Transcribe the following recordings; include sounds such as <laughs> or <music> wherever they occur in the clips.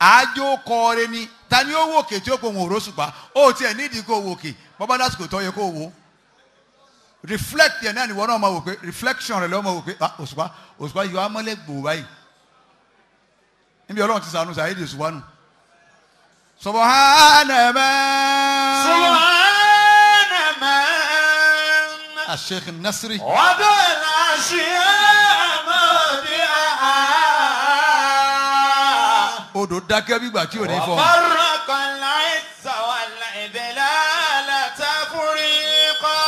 àájò kọrin ni ta ni ó wò òkè tí ó pohùn òró ṣùgbọ́n ó tiẹ̀ nídìí kó wò òkè bọ́bá lásìkò tó yẹ kó wò reflect yẹn náà ni wọ́n náà máa wò pé reflection rẹ̀ lọ́wọ́ máa wò pé ah, òṣùpá òṣùpá yìí wàá mọ́lẹ̀ gbòó báyìí níbi ọlọ́run ti sànù sàyédè òṣùpá nù. subhana man. subhana man. àṣekì nasiri. wàá bẹ̀rẹ̀ àṣeyẹ́. odò dákẹ́ bí ìgbà tí ò ní fọ. ọ̀fọ̀rọ̀ kan láì sàwàlà ìdẹ̀lá látàkùnrin kọ́.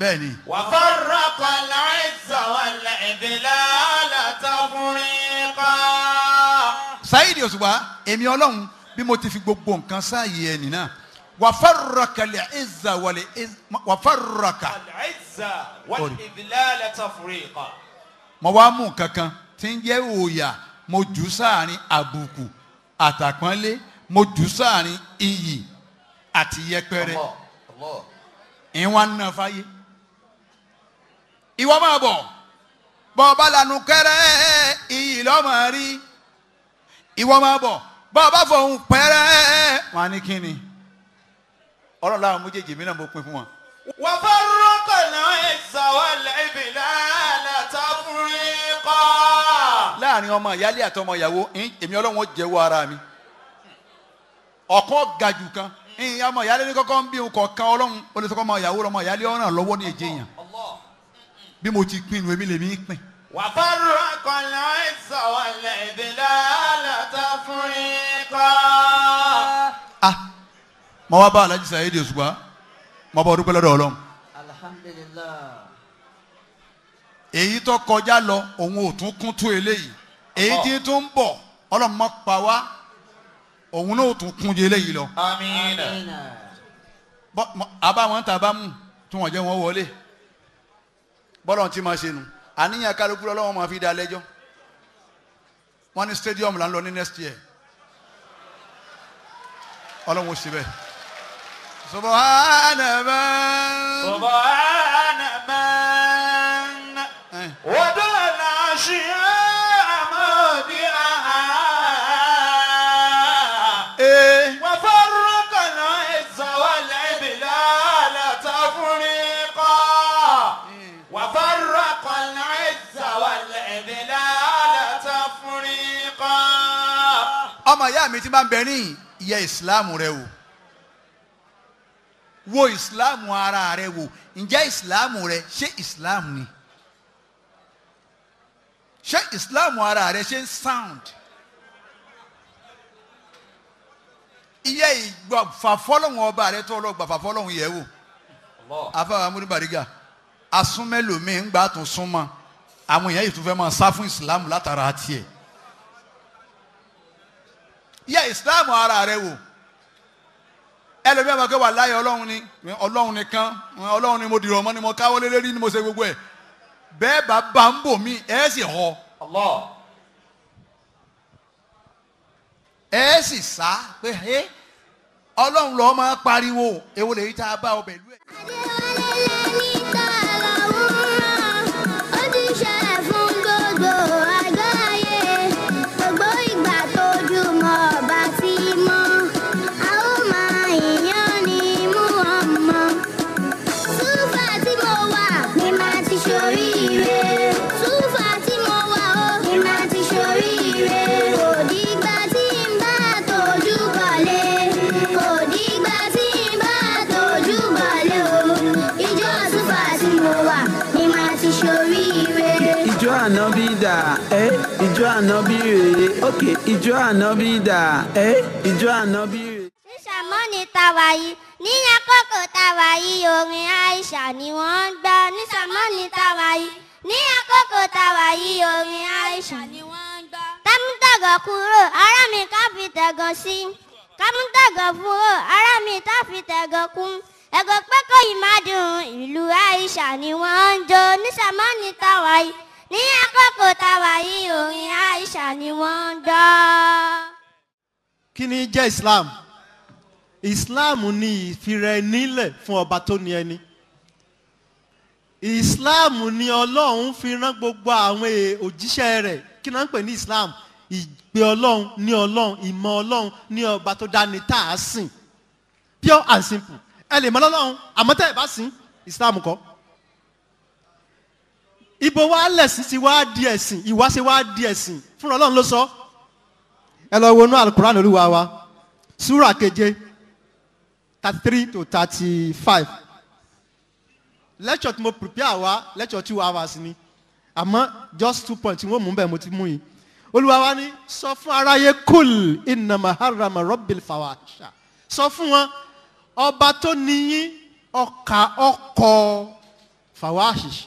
bẹ́ẹ̀ni. ọ̀fọ̀rọ̀ kan láì sàwàlà ìdẹ̀lá látàkùnrin kọ́. Saheed Òṣùpá èmi ọlọ́run bí mo ti fi gbogbo nǹkan sáàyè ẹni náà wafarraka al-izza wal wafarraka al-izza wal-idlala tafriqa. mo wá mú kankan tí ń jẹ́ òòyà mo jù sáàrin àbùkù àtàpọ́nlé mo jù sáàrin iyì àti yẹpẹrẹ ìwọ̀n ń nà fáyé ìwọ máa bọ̀ bọ́ọ̀bá lanu kẹ́rẹ́ iyì lọ́mọ rí ìwọ máa bọ̀ bọ́ọ̀bá fọ̀hún pẹ́rẹ́ wọn ní kíni ọlọ́run láwọn méjèèjì mi náà mo pin fún wọn. wọ́n bá rọ́kọ̀ náà ẹ̀ sọ̀wọ́ lẹ́bi láàlá tó fún yín kọ́ láàrin ọmọ ìyálé àtọmọ ìyàwó èmi ọlọ́run ó jẹ́wọ́ ara mi ọ̀kan gàjù kan ọmọ ìyálé ní kọ́kọ́ ń bí òun kọ̀ọ̀kan ọlọ́run olùsọ́kọ́ ọmọ ìyàwó ọmọ ìyálé ọ̀ràn lọ́wọ́ ní èjì yàn bí mo ti pinnu èmi lèmi ń pin. wàfàrù akọ̀lá ìsọ̀wọ̀lẹ̀ ìbílẹ̀ àlàtà fún ikọ́. a ah, mọ wá bá Alhaji Saheed Òṣùpá mọ bá ọdún pẹ́ ọlọ́run. alhamdulillah èyí tó kọjá lọ òun ò tún kún tó eléyìí èyí tí oh. tó ń bọ̀ ọlọ́mọ pa wá òun náà ò tún kún ju eléyìí lọ. àmín. àbáwọn tàbá mú tí wọ́n jẹ́ wọ́n wọlé bọ́lọ̀ tí máa ṣe nù àníyàn kálukú lọ́wọ́ máa fi dá lẹ́jọ́ wọ́n ní stadium là ń lọ ní next year ọlọ́run ó ṣe bẹ́ẹ̀. sọ̀bọ̀ hánà bẹ́ẹ̀. sọ̀bọ̀ hánà. ọmọ ìyá mi ti máa ń bẹ níyìn ìyẹ ìsìláàmù rẹ wò wo ìsìláàmù ara rẹ wò ǹjẹ́ ìsìláàmù rẹ ṣé ìsìláàmù ni ṣé ìsìláàmù ara rẹ ṣe ń sound ìyẹ ìgbàfàfọ́lọ́hún ọba rẹ tó lọ gbàfàfọ́lọ́hún yẹ wò afáwa múnibàrígà asúnmẹ́lòmíì ń gbà tún súnmọ́ àwọn èèyàn yìí tún fẹ́ máa sá fún ìsìláàmù látara tiẹ̀ yẹ Islam ara rẹ wò ẹlòmíà máa kẹ́ wà láyé ọlọ́run ni ọlọ́run nìkan ọlọ́run ni mo dìrọ̀ mọ́ ni mo káwọ́ lé lérí ni mo ṣe gbogbo ẹ̀ bẹ́ẹ̀ bá bá ń bò mí ẹ̀ sì họ ẹ̀ sì sá pé ọlọ́run lọ́ọ́ máa pariwo èwo lèyí tá a bá ọ pẹ̀lú ẹ̀. ànábì dà ẹ́ ìjọ ànábì rèé òkè ìjọ ànábì dà ẹ́ ìjọ ànábì rèé. ṣíṣàmọ́ ni tàwa yìí ní àkókò tàwa yìí orin Aisha ni wọ́n ń gbọ́ ní ni tàwa yìí ní àkókò tàwa yìí orin Aisha ni wọ́n ń gbọ́. támútàgọ̀ kúrò ará mi ká fi tẹ̀gọ̀ sí kámútàgọ̀ kúrò ará mi ká fi tẹ̀gọ̀ kún ẹ̀gọ́ pẹ́kọ̀ ìmádùn ìlú Aisha ni wọ́n ń jó ní ni tàwa yìí ní àkókò táwa yìí orin Aisha ni wọ́n ń dán. kí ni jẹ́ Islam Islam ni ìfira ẹni lẹ̀ fún ọba tó ní ẹni Islam ni Ọlọ́run fi rán gbogbo àwọn e, òjíṣẹ́ rẹ̀ kí náà ń pè ní Islam ìgbé Ọlọ́run ní Ọlọ́run ìmọ̀ Ọlọ́run ní ọba tó dání tá a sìn pure and simple ẹ lè mọ Ọlọ́run àmọ́ ẹ bá sìn Islam kọ́ ibo wa lẹ̀sìn ti wá di ẹ̀sìn ìwà ṣe wá di ẹ̀sìn fúnra ọlọ́run ló sọ. ẹ lọ wo inú alukuran olúwa wa súrà keje thirty three to thirty five lecture tí mo prepare wa lecture two hours ni àmọ́ just two points wọ́n mú bẹ́ẹ̀ mo ti mú yìí olúwa wa ní sọ fún aráyé kul innama harrama rabbil fawasha sọ fún wọn ọba tó níyìn ọkà ọkọ fawashish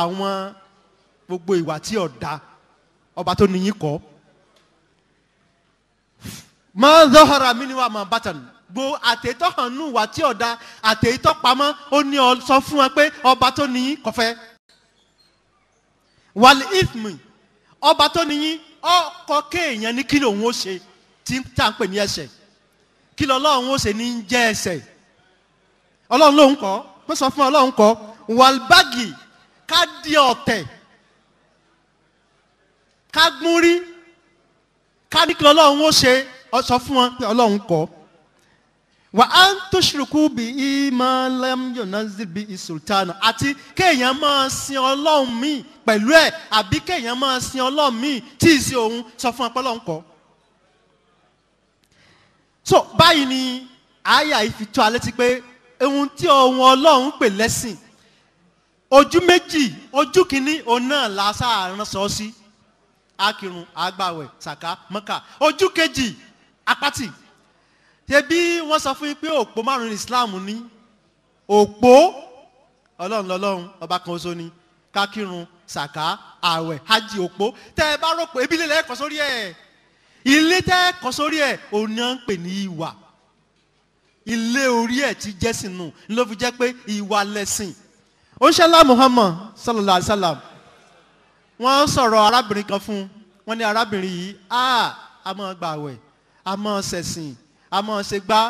àwọn gbogbo ìwà tí ọ̀dà ọba tó nìyí kọ́ máa zọ́hara mi ni wà máa bàtàn gbo àtẹ̀tọ́ hàn nù wà tí ọ̀dà àtẹ̀tọ́ pamọ́ ó ní ọ sọ fún wa pé ọba tó nìyí kọfẹ́ wàlí ifmi ọba tó nìyí ọkọ kéèyàn ní kí lòun ó ṣe tí tá à ń pè ní ẹsẹ̀ kí lọ́lọ́run ó ṣe ní jẹ́ ẹsẹ̀ ọlọ́run lòun kọ́ pé sọ fún ọlọ́run kọ́ wàlbágì ká di ọ̀tẹ̀ ká gún rí ká ní kí ọlọ́run ó ṣe sọ fún wọn pé ọlọ́run kọ́ wà á tó ṣùrùkú bí ìmọ̀lẹ́mùyọ̀ náà bí ìsùltánà àti kéèyàn máa sin ọlọ́run míì pẹ̀lú ẹ̀ àbí kéèyàn máa sin ọlọ́run míì tí ì sí òun sọ fún ọpẹ́ ọlọ́run kọ́. so báyìí ni àyà ìfitọ́ alẹ́ ti pé ohun tí ohun ọlọ́run pè lẹ́sìn ojú méjì ojú kìíní òun náà la sáàrán sọ sí akirun agbawẹ saka mọka ojú kejì apati ṣebí wọn sọ fún yín pé òpó márùn ní islam ní òpó ọlọ́run lọ́lọ́run ọba kan oṣù ni kakirun saka àwẹ̀ hajj òpó tẹ ẹ bá rò pé ebi lélẹ ẹkọ sórí ẹ ilé tẹ ẹkọ sórí ẹ òun náà ń pè ní ìwà ilé orí ẹ ti jẹ sínú ló fi jẹ pé ìwà lẹsìn ó ń ṣẹlá Muhammad sallallahu alayhi wa sallam wọ́n sọ̀rọ̀ arábìnrin kan fún wọ́n ní arábìnrin yìí a a máa gba àwẹ̀ a máa ṣẹ̀sìn a máa ṣe gbá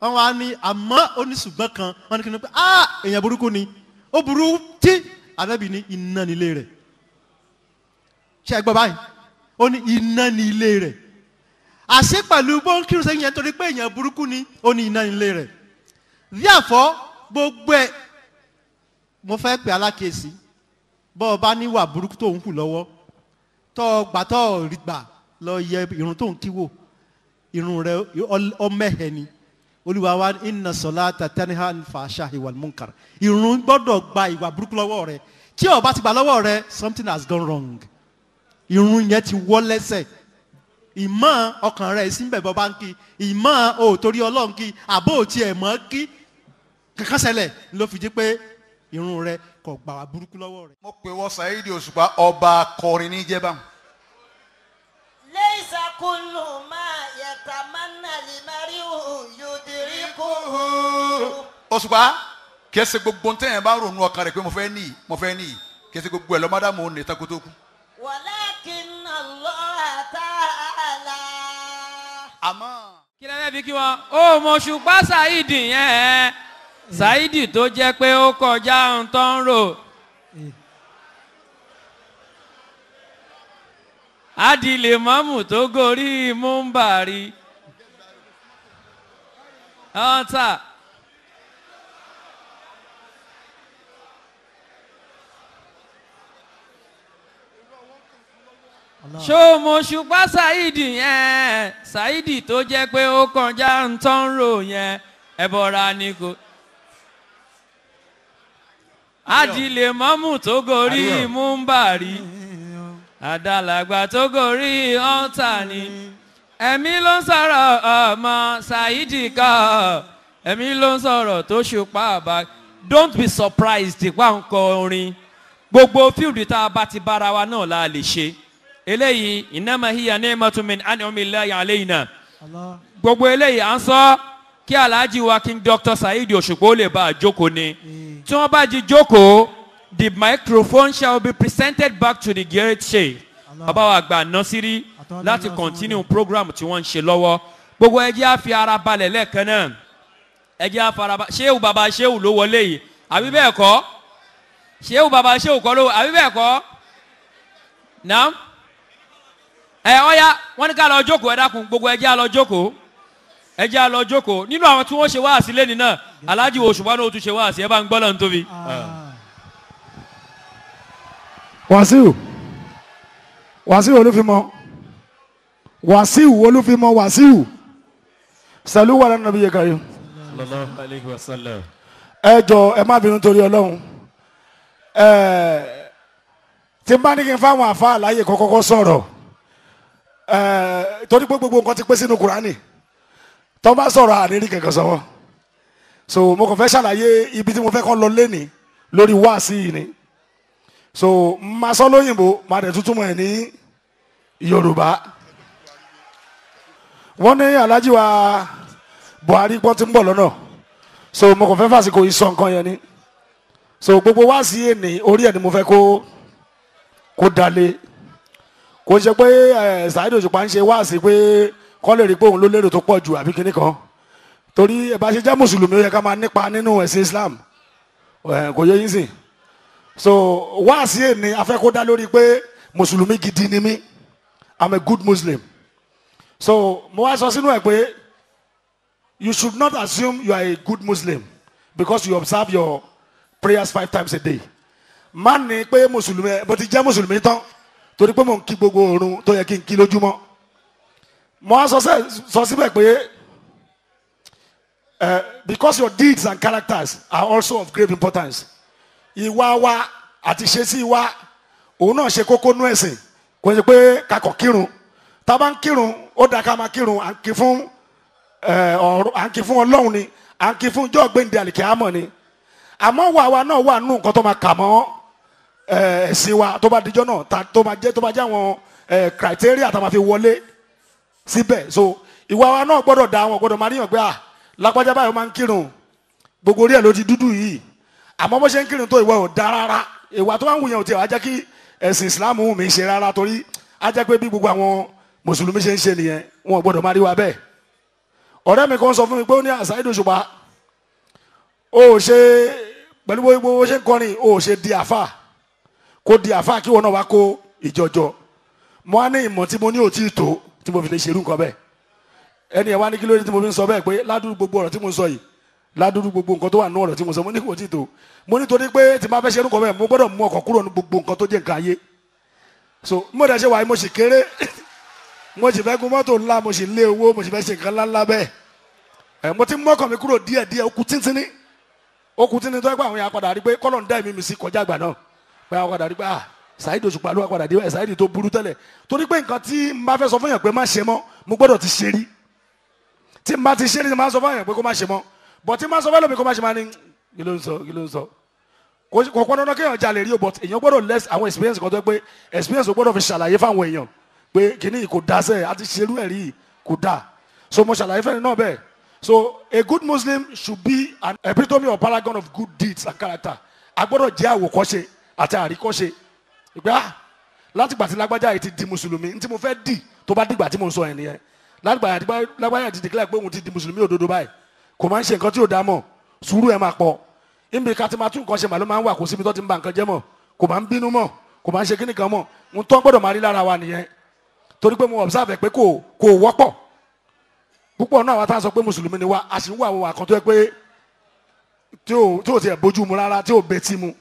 wọ́n wá ní àmọ́ oníṣùgbọ́n kan wọ́n ní kí ni pé a èèyàn burúkú ni ó burú tí àbẹ́bí ní iná nílé rẹ̀ ṣe é gbọ́ báyìí ó ní iná nílé rẹ̀ àṣé pẹ̀lú bóńkírùsẹ́yìn yẹn torí pé èèyàn burúkú ni ó ní iná nílé rẹ̀ therefore gbogbo ẹ̀ mo fẹ́ pè alákèésí bọ́ ọ bá níwà burúkú tó ń kù lọ́wọ́ tọ́ ọ gbà tọ́ ọ rí gbà lọ yẹ irun tó ń kí wò irun rẹ ọmẹhẹ ni olúwa wa inna salata tanha fahsha'i wal munkar irun gbọ́dọ̀ gba ìwà burúkú lọ́wọ́ rẹ tí o bá ti gbà lọ́wọ́ rẹ something has gone wrong irun yẹn ti wọ́ lẹ́sẹ̀ ìmọ̀ ọkàn rẹ̀ síbẹ̀ bọ́ bá ń kí ìmọ̀ òtórí ọlọ́run kí àbó ẹ̀ mọ́ kí kankan ló fi jí pé irun rẹ kò gbà wá burúkú lọ́wọ́ rẹ. mo pè wọ Saheed Òṣùpá ọba akọrin ní jẹba. leisa kulu ma yata mana limari yodiri ko. Òṣùpá kẹsẹ gbogbo ntẹ̀yẹ̀ bá ronú ọkàn rẹ pé mo fẹ́ níyì mo fẹ́ níyì kẹsẹ gbogbo ẹ̀ lọ́mọdàmú òun nìta kó tó kú. walakin Allah ta'ala. àmọ́. kí lẹ́lẹ́ bí kí wọ́n ó mọ̀ Òṣùpá Saheed yẹn. Saidi tó jẹ́ pé ó kọjá ohun tó ń rò. Adìlẹ̀ mọ́mù tó gorí múmbàrí. Ọ̀tà. ṣó mo ṣùpá yẹn Saidi tó jẹ́ pé ó kọjá ń yẹn ẹ̀bọ̀ra ni ajílẹ̀ mọ́mù tó gorí múmbàrí àdàlàgbà tó gorí ọ̀ǹtà ni ẹ̀mí ló ń sọ̀rọ̀ ọmọ ṣáídì kọ́ ẹ̀mí ló ń sọ̀rọ̀ tó ṣùpá àbá don't be surprised ìpá nǹkan orin gbogbo fíìlì tá a bá ti bára wa náà la lè ṣe eléyìí innama hiya ni'matun min an'amillahi alayna gbogbo eléyìí à ń sọ kí alhaji wa king dr saheed òṣùpá ó lè bá a jókòó ni tí wọ́n bá jí jókòó the microphone shall be presented back to the great sheikh bàbá wa àgbà nọ́sírí láti continue program tí wọ́n ń ṣe lọ́wọ́ gbogbo ẹjẹ́ á fi ara balẹ̀ lẹ́ẹ̀kan náà ẹjẹ́ á fara balẹ̀ ṣéwù bàbá ṣéwù ló wọlé yìí àbí bẹ́ẹ̀ kọ́ ṣéwù bàbá ṣéwù kọ́ ló àbí bẹ́ẹ̀ kọ́ náà ẹ ọ̀ya wọ́n ní ká lọ jókòó ẹ dákun gbogbo ẹjẹ́ á lọ jókòó ẹ jẹ́ àlọ́ jókòó nínú àwọn tí wọ́n ṣe wáàsí lẹ́ni náà aláàjì òṣùpá náà ó tún ṣe wáàsí ẹ bá ń gbọ́ lọ́n tóbi. Ah. wàsíù wàsíù olúfimọ wàsíù olúfimọ wàsíù sàlú wà lánàá bí yẹ kárí. ẹ jọ ẹ má bínú torí Ọlọ́run tí n bá ní kí n fáwọn àfa àlàyé kọ́kọ́kọ́ sọ̀rọ̀ torí pé gbogbo nǹkan ti pé sínú Kùránì tó bá sọ̀rọ̀ àrírí kankan sọ́wọ́ so mo kàn fẹ́ ṣàlàyé ibi tí mo fẹ́ kọ́ lọ lẹ́nìí lórí wáàsí yìí ni so máa sọ lóyìnbó máa dẹ̀ tuntun mọ̀ ẹ̀ ní yorùbá wọ́n ní alhaji wa buhari pọ́n ti ń bọ̀ lọ́nà so mo kàn fẹ́ fàsìkò yìí nǹkan yẹn ni so gbogbo wáàsí yìí ni orí ẹ̀ ni mo fẹ́ kó kó dalẹ̀ kò ṣe pé ẹ̀ ṣáà ìdòjùpá ń ṣe wáàsí pé kọ́ lè rí pé òun ló lérò tó pọ̀ jù àbí kíní kan torí ẹ bá ṣe jẹ́ mùsùlùmí ó yẹ ká máa nípa nínú ẹ̀sìn Islam kò yẹ yín sìn so wáàsí èmi afẹ́ kó dá lórí pé mùsùlùmí gidi ni mí I'm a good Muslim so mo wá sọ sínú ẹ pé you should not assume you are a good Muslim because you observe your prayers five times a day má ní pé mùsùlùmí bó ti jẹ́ mùsùlùmí tán torí pé mò ń kí gbogbo oorun tó yẹ kí n kí lójúmọ́ mo á sọ síbẹ̀ pé because your deeds and characters are also of great importance ìwà wa àti ìṣesí wa òun náà ṣe kókó nú ẹ̀sìn kò ṣe pé kakọ̀ kírun tá a bá ń kírun ó dáa ká máa kírun à ń kí fún ọ̀run à ń kí fún ọlọ́run ni à ń kí fún jọ́ gbẹ̀ǹdì àlìkè àmọ̀ ni àmọ́ wà wa náà wà nù nǹkan tó máa kà mọ́ ẹ̀sìn wa tó bá dijọ́ náà tó máa jẹ́ tó máa jẹ́ àwọn criteria tá a máa fi wọlé síbẹ̀ so ìwà wa náà gbọ́dọ̀ da àwọn gbọ́dọ̀ máa ríyàn pé à ah, lápájá báyọ̀ máa ń kírun gbogbo orí ẹ̀ ló ti dúdú yìí àmọ́ bó ṣe ń kírun tó ìwà ò da rárá ìwà tó máa ń wùyàn ò tiẹ̀ wá jẹ́ kí ẹ̀sìn Islam wù mí ṣe rárá torí á jẹ́ pé bí gbogbo àwọn mùsùlùmí ṣe ń ṣe nìyẹn wọn ò gbọ́dọ̀ máa rí wa bẹ́ẹ̀ ọ̀rẹ́ mi kan sọ fún mi pé ó ní àṣà ìdòṣùpá ó mo á ní ìmọ̀ tí mo ní òtí tó tí mo fi lè ṣerú nǹkan bẹ́ẹ̀ ẹni ẹ̀ wá ní kí ló dé tí mo fi ń sọ bẹ́ẹ̀ pé ládùúgbò gbogbo ọ̀rọ̀ tí mo ń sọ yìí ládùúgbò gbogbo nǹkan tó wà nù ọ̀rọ̀ tí mo sọ mo ní kò tí tó mo ní torí pé tí máa fẹ́ ṣerú nǹkan bẹ́ẹ̀ mo gbọ́dọ̀ mú ọkọ̀ kúrò ní gbogbo nǹkan tó jẹ́ nǹkan ayé so mo dẹ̀ ṣe wáyé mo sì kéré <laughs> mo sì fẹ́ gun mọ́tò ńlá mo sì lé owó mo sì fẹ́ ṣe nǹkan ńláńlá bẹ́ẹ̀ ẹ̀ mo ti mú ọkọ̀ mi kúrò díẹ̀ díẹ̀ ó kù tíntínní ó kù tíntínní tó ẹ pé àwọn yàrá padà rí pé kọ́lọ̀ ń dá ẹ̀mí mi sí kọjá àgbà náà pé àwọn padà rí pé ah Saheed Òṣùpá ló wá padà dé báyìí Saheed tó burú tẹ́lẹ̀ torí pé nǹkan tí n bá fẹ́ sọ fún yàn pé má ṣe mọ́ mo gbọ́dọ̀ ti ṣe rí tí n bá ti ṣe rí ni má sọ fún yàn pé kó má ṣe mọ́ bọ̀ tí má sọ fẹ́ lómi kó má ṣe má ní kí ló ń sọ kí ló ń sọ kò pọn dandan kéèyàn jalè rí o but èèyàn gbọ́dọ̀ less àwọn experience kan tó pé experience ò gbọ́dọ̀ fi ṣàlàyé fáwọn èèyàn pé kìíní kò da sẹ́ẹ̀ àti ṣerú ẹ̀ rí kò da so mo ṣàlàyé fẹ́ni náà bẹ́ẹ̀ so a good Muslim should be an epitome or paragon of good deeds and character a gbọ́dọ̀ jẹ́ àwòkọ́ṣe àti àríkọ́ṣe ìgbà látìgbà tí lágbájá yìí ti di mùsùlùmí ntí mo fẹ́ dì tó bá dìgbà tí mo ń sọ yẹn nìyẹn látìgbà tí lágbájá yìí ti dìkílẹ̀ pé òun ti di mùsùlùmí òdodo báyìí kò máa ń ṣe nǹkan tí ò dá mọ̀ sùúrù ẹ̀ máa pọ̀ níbi ká ti máa tún nǹkan ṣe màlúù máa ń wà kó síbi tó ti ń ba nǹkan jẹ́ mọ̀ kò máa ń bínú mọ̀ kò máa ń ṣe kíní kan mọ̀ ń tọ́ gbọ́dọ̀ máa rí lára wa nìyẹn torí pé mo observe pé kò kò wọ́pọ̀ púpọ̀ náà wa tá a sọ pé mùsùlùmí ni wa a sì ń wà àwọn àkàntó ẹ pé tí ò tí ò tiẹ̀ bójú mu rárá tí ò betí mu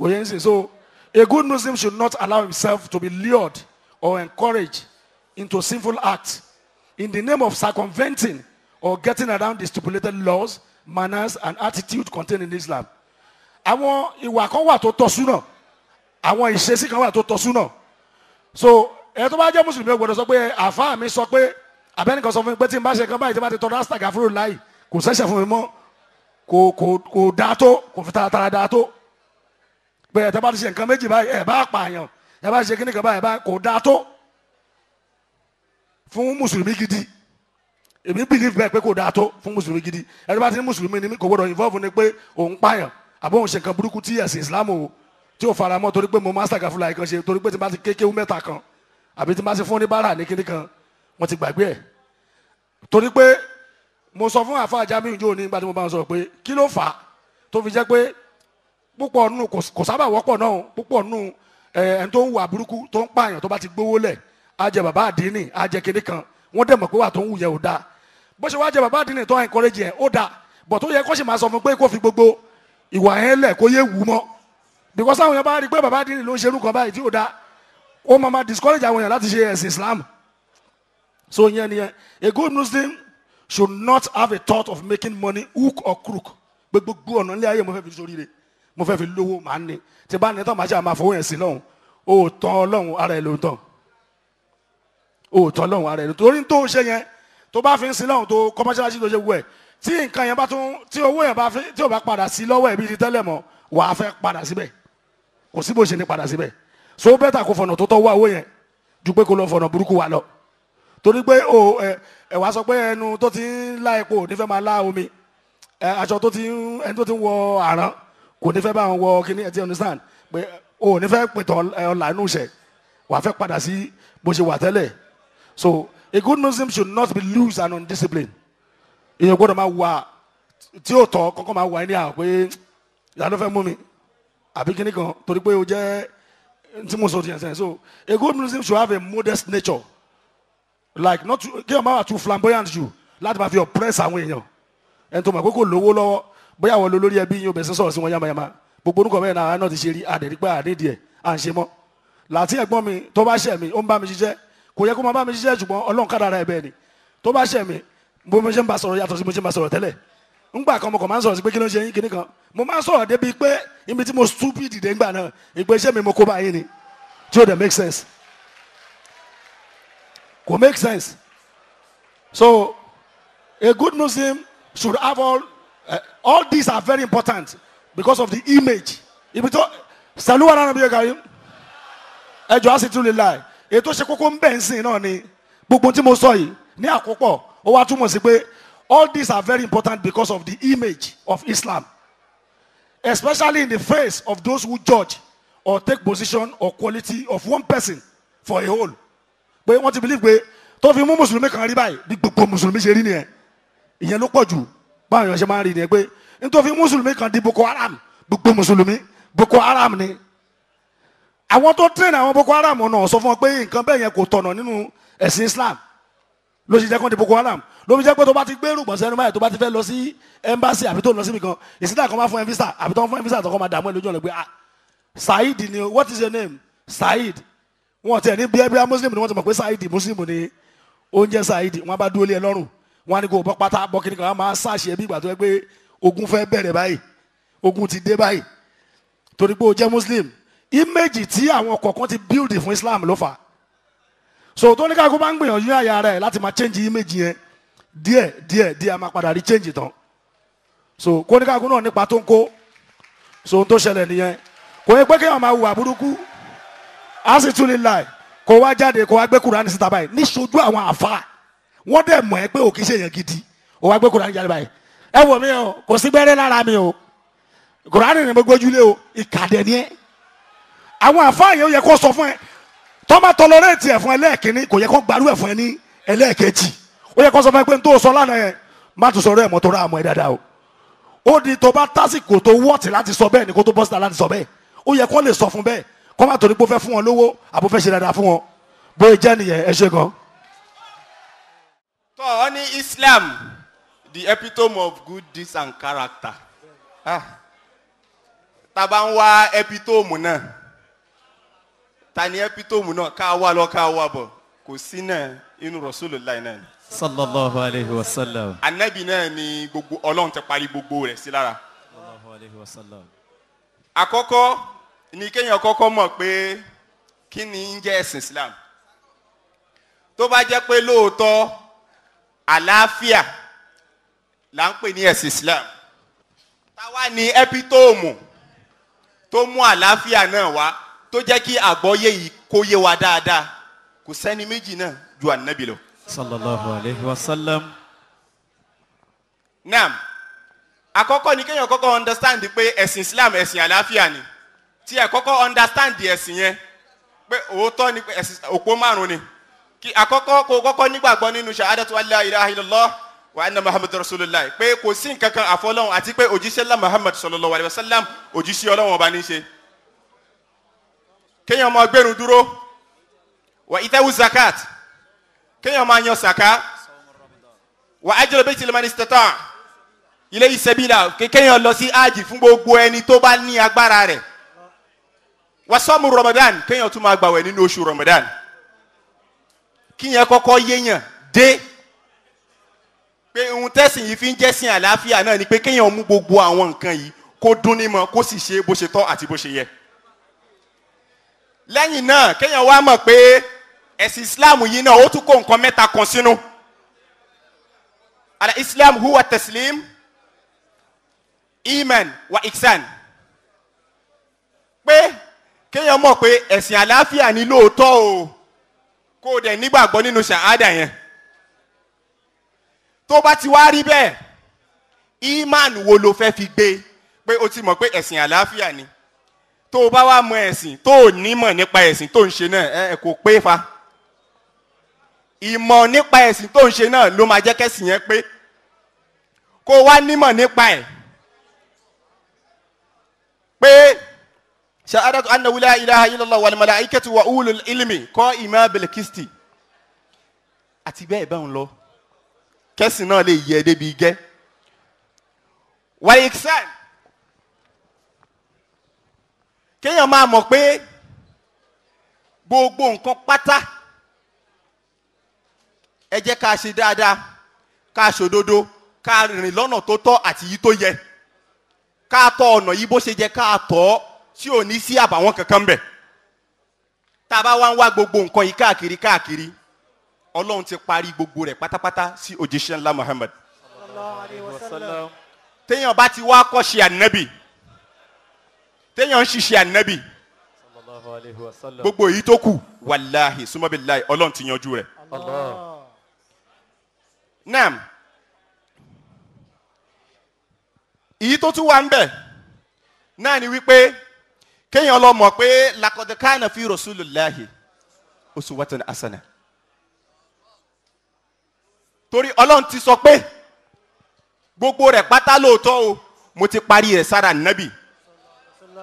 òye ń sìn so A good Muslim should not allow himself to be lured or encouraged into sinful acts in the name of circumventing or getting around the stipulated laws, manners, and attitude contained in Islam. Àwọn ìwà kan wà tó tọ́ súnà. Àwọn ìṣesí kan wà tó tọ́ súnà. So ẹ tó bá jẹ́ Mùsùlùmí ò gbọ́dọ̀ sọ pé àfáà mi sọ pé abẹ́nìkan sọ fún mi pé tí n bá ṣe kan báyìí tí n bá ti tọrọ àṣàgà fúru láì kò ṣẹ̀ṣẹ̀ fún mi mọ́ kò kò kò dáa tó kò fi taratara dáa tó bẹ́ẹ̀ tẹ́ bá ti ṣe nǹkan méjì báyìí ẹ̀ bá pààyàn ẹ̀ bá ṣe kíní kan báyìí báyìí kò dáa tó fún mùsùlùmí gidi èmi believe bẹ́ẹ̀ pé kò dáa tó fún mùsùlùmí gidi ẹni bá ti ní mùsùlùmí ni kò gbọdọ̀ involve ni pé òun pààyàn àbọ̀ òun ṣe nǹkan burúkú tí ẹ̀sìn Islam o tí ò fara mọ́ torí pé mo máa ṣàgàfúlà yìí kan ṣe torí pé tí n bá ti kékeré mẹ́ta kan àbí tí n bá ti fún ní ní kíní kan wọ́n ti gbàgbé ẹ̀ torí pé mo sọ fún àfa Jamiu ìjọ òní nígbà tí mo bá ń sọ pé kí ló fà á tó fi jẹ́ pé púpọ̀ nù kò sábà wọ́pọ̀ náà púpọ̀ nù ẹni tó ń wà burúkú tó ń pààyàn tó bá ti gbówó lẹ̀ á jẹ bàbá àdínì á jẹ kinní kan wọ́n dẹ̀ mọ̀ pé wà tó ń wù yẹn ò dáa bó ṣe wá jẹ bàbá àdínì tó ń encourage yẹn ó dáa bọ̀ tó yẹ kó sì máa sọ fún pé kó fi gbogbo ìwà yẹn lẹ̀ kó yé wù mọ́ because àwọn yẹn bá rí i pé bàbá àdínì ló ń ṣerú kan báyìí tí ò dáa ó máa máa discourage àwọn yẹn láti ṣe ẹ̀sìn Islam so yẹn nìyẹn a good Muslim should not have a thought of making money hook or crook gbogbo ọ̀nà ilé ayé mo fẹ́ fi sóríire mo fẹ́ fi lówó màá ní tí bá ní tán màá ṣe àmà fowó yẹn sí lọ́hùn o tán ọlọ́hun ara ẹ̀ ló ń tàn o tán ọlọ́hun ara ẹ̀ ló torí tó ń ṣe yẹn tó bá fi ń sí lọ́hùn tó kọ́mọ́ṣáláṣí tó ṣe wú ẹ̀ tí nǹkan yẹn bá tún tí owó yẹn bá fi tí ò bá padà sí lọ́wọ́ ẹ̀ bí ti tẹ́lẹ̀ mọ́ wàá fẹ́ padà síbẹ̀ kò sí bó ṣe ní padà síbẹ̀ so bẹ́tà kò fọ̀nà tó tọ́ wá owó yẹn ju pé kò lọ fọ̀nà burúkú wa lọ torí pé o ẹ ẹ wàá sọ pé ẹnu tó ti ń lá epo ò máa lá omi aṣọ tó ti ń ẹni tó ti ń wọ àrán kò ní fẹ́ bá wọn wọ kíní ẹ ti understand pé o ní fẹ́ pìtàn ọ̀la inú ṣẹ̀ wàá fẹ́ padà sí bó ṣe wà tẹ́lẹ̀ so a good muslim should not be loose and undisciplined èèyàn gbọ́dọ̀ máa wà tí yóò tọ́ kọ́kọ́ máa wà ní àwọn pé ìyá ló fẹ́ mú mi àbí kíní kan torí pé o jẹ́ tí mo sọ ti yẹn sẹ́yìn so a good muslim should have a modest nature like not kí ọmọ àwọn too flamboyant you láti máa fi oppress àwọn èèyàn ẹni tó mọ̀ pé kò lówó lọ́wọ́. bóyá àwọn olórí ẹbí yín obìnrin sọ̀rọ̀ sí wọn yamayama gbogbo orúkọ bẹ́ẹ̀ náà náà ti ṣe rí àdẹ̀rígbà àdédìẹ à ń ṣe mọ́ làtí ẹ̀gbọ́n mi tó bá ṣẹ̀ mi ó ń bá mi ṣiṣẹ́ kò yẹ kó máa mi ṣiṣẹ́ ṣùgbọ́n ọlọ́run bẹ́ẹ̀ ni tó bá ṣẹ̀ mi bó mo ṣe ń bá sọ̀rọ̀ yàtọ̀ sí mo ṣe ń bá sọ̀rọ̀ tẹ́lẹ̀ ń All these are very important because of the image. Ibi tó sẹ̀lú wà lánàá bí ẹ̀ka yìí. Ẹjọ́ á sì tún lè láì. Ètò ṣe kókó ń bẹ̀ ń náà ni gbogbo tí mo sọ yìí ní àkópọ̀ ó wá túmọ̀ sí pé all these are very important because of the image of Islam especially in the face of those who judge or take position or quality of one person for a whole. Pé wọ́n ti believe pé tó fi mú Mùsùlùmí kan rí báyìí bí gbogbo Mùsùlùmí ṣe rí nìyẹn. Ìyẹn ló pọ̀ jù báwọn èèyàn ṣe máa ń rí ni pé nítorí mùsùlùmí kan di boko haram gbogbo mùsùlùmí boko haram ni àwọn tó train àwọn boko haram náà sọ fún wọn pé nǹkan bẹ́ẹ̀ yẹn kò tọ̀nà nínú ẹ̀sìn islam ló ṣe jẹ́ kó di boko haram ló fi jẹ́ pé tó bá ti gbé rúgbọ̀n sẹ́nu báyìí tó bá ti fẹ́ lọ sí embassy àbí tó lọ síbi kan ìsìtà kan bá fún ẹ visa àbí tó ń fún ẹ visa tó kọ́ máa dààmú ẹ lójú ọ̀nà pé ah, saheed ni what is your name saheed wọn ti ẹ̀ ní bíẹ́bíẹ́ muslim ni wọ́n ti mọ̀ pé saheed muslim ni oúnjẹ saheed wọn bá dúró lé ẹ lọ́rùn wọ́n á ní kó bọ́ pátá bọ́ kíní kan á máa ṣàṣì ẹbí ìgbà tó yẹ pé ogun fẹ́ bẹ̀rẹ̀ báyìí ogun ti dé báyìí torí pé o jẹ́ muslim íméjì tí àwọn kọ̀ọ̀kan ti build fún islam ló fà so tó ní káàkó bá ń gbìyànjú àyà rẹ̀ láti máa change íméjì yẹn díẹ̀ díẹ̀ díẹ̀ a máa padà rí change tán so kó ní káàkó náà nípa tó ń kó so ohun tó ṣẹlẹ̀ nìyẹn kò yẹ pé kéèyàn máa hùwà burúkú á sì tún lè láì kó wá jáde kó wá gbé kúránì síta báyìí níṣojú àwọn àfáà wọ́n dẹ̀ mọ̀ ẹ́ pé òkè ṣe yẹn gidi ò wá gbé kúránì jáde báyìí ẹ wò mí o kò sí gbẹ́rẹ́ lára mi o kúránì ni mo gbójúlé o ìkàdé ni ẹ àwọn àfáà yẹn o yẹ kó sọ fún ẹ tó bá tọlọrẹ́ẹ̀tì ẹ̀ fún ẹ lẹ́ẹ̀kínní kò yẹ kó gbarú ẹ̀ fún ẹ o ẹlẹ́ẹ̀kejì ó yẹ kó sọ fún ẹ pé n tó sọ lánàá yẹn má tún sọ̀rọ̀ ẹ̀ mọ́ tó rà mọ́ ẹ dáadáa o ó di tó bá tásìkò tó wọ́ọ̀tì láti sọ bẹ́ẹ̀ ni kó tó bọ́ síta láti sọ bẹ́ẹ̀ o yẹ kó lè sọ fún bẹ́ẹ̀ kó má torí pé ó fẹ́ fún wọn lówó àbó fẹ́ ṣe dáadáa fún wọn bóyá jẹ́ nìyẹn ẹ ṣe gan-an tọ́ ọ ní Islam the epitome of good deeds and character ah taba ń wá epitome náà ta ni epitome náà ká wá lọ ká wá bọ̀ kò sí náà inú Rasulullah náà ni. sallallahu alayhi wa sallam. anabi náà ni gbogbo ọlọ́run ti parí gbogbo rẹ̀ sí lára. sallallahu alayhi wa sallam. àkọ́kọ́ ni kéèyàn kọ́kọ́ mọ̀ pé kí ni ń jẹ́ ẹ̀sìn Islam tó bá jẹ́ pé lóòótọ́ àlàáfíà là ń pè ní ẹ̀sìn Islam táwa ni ẹ́pítọ́ọ̀mù tó mú àlàáfíà náà wá tó jẹ́ kí àgbọ́yé yìí kó yé wa dáadáa kò sẹ́ni méjì náà ju ànábì lọ. sallallahu alayhi wa sallam. naam àkọ́kọ́ ni kéèyàn kọ́kọ́ understand pé ẹ̀sìn Islam ẹ̀sìn àlàáfíà ni tí ẹ̀ kọ́kọ́ understand ẹ̀sìn yẹn pé òótọ́ ni pé ẹ̀sìn òpó márùn-ún ni kí àkọ́kọ́ kó kọ́kọ́ nígbàgbọ́ nínú shahadatu allah ilaha illallah wa anna muhammadu rasulillah pé kò sí nǹkan kan àfọlọ́hún àti pé òjíṣẹ́ ńlá muhammad sallallahu wa sallam òjíṣẹ́ ọlọ́run ọba ní í ṣe. kéèyàn máa gbẹ̀rù dúró wa itawu zakat kéèyàn máa yan saka wa ajra baytil man istata ilé ìsẹ́bílà kéèyàn lọ sí ájì fún gbogbo ẹni tó bá ní agbára rẹ̀ wa sọ́mu ramadan kéèyàn tún máa gbàwẹ̀ nínú oṣù ramadan kí yẹn kọ́kọ́ yéèyàn dé pé ohun tẹ́sìn yìí fi ń jẹ́sìn àlàáfíà náà ni pé kéèyàn mú gbogbo àwọn nǹkan yìí kó dún ní mọ kó sì ṣe bó ṣe tọ́ àti bó ṣe yẹ. lẹ́yìn náà kéèyàn wá mọ̀ pé ẹ̀sìn islam yìí náà ó tún kó nǹkan mẹ́ta kan sínú. ala islam huwa taslim iman wa iksan pé kéèyàn mọ̀ pé ẹ̀sìn àlàáfíà ni lóòótọ́ o kó o dẹ̀ nígbàgbọ́ nínú ṣàhádà yẹn tó bá ti wá rí bẹ́ẹ̀ ìmáànù wo ló fẹ́ fi gbé pé o ti mọ̀ pé ẹ̀sìn àlàáfíà ni tó o bá wá mọ ẹ̀sìn tó o nímọ̀ nípa ẹ̀sìn tó ń ṣe náà ẹ kò pé fa ìmọ̀ nípa ẹ̀sìn tó ń ṣe náà ló máa jẹ́ kẹ́sìn yẹn pé kó o wá nímọ̀ nípa ẹ̀ pé shahadatu annahu la ilaha illallah wal malaikatu wa ulul ilmi qa'ima bil qisti àti bẹ́ẹ̀ bẹ́ẹ̀ ń lọ kẹ́sìn náà lè yẹ débi gẹ́ wal ihsan kéèyàn máa mọ̀ pé gbogbo nǹkan pátá ẹ jẹ́ ká ṣe dáadáa ká ṣòdodo ká rìn lọ́nà tó tọ́ àti yìí tó yẹ ká tọ ọ̀nà yìí bó ṣe jẹ́ ká tọ́ ọ́ tí ò ní sí àbàwọ́n kankan bẹ̀ tá a bá wá ń wá gbogbo nǹkan yìí káàkiri káàkiri ọlọ́run ti parí gbogbo rẹ̀ pátápátá sí òjíṣẹ́ ńlá Muhammad téèyàn bá ti wá kọ́ ṣe ànábì téèyàn ń ṣiṣẹ́ ànábì gbogbo èyí tó kù wàláhì sumabilayi ọlọ́run ti yanjú rẹ̀. naam èyí tó tún wà ń bẹ̀ náà ni wípé kéèyàn lọ mọ̀ pé lakọ̀dẹ̀kánà fi rasulillahi uswatun hasana torí ọlọ́run ti sọ pé gbogbo rẹ̀ pátá lóòótọ́ o mo ti parí rẹ̀ sára nábì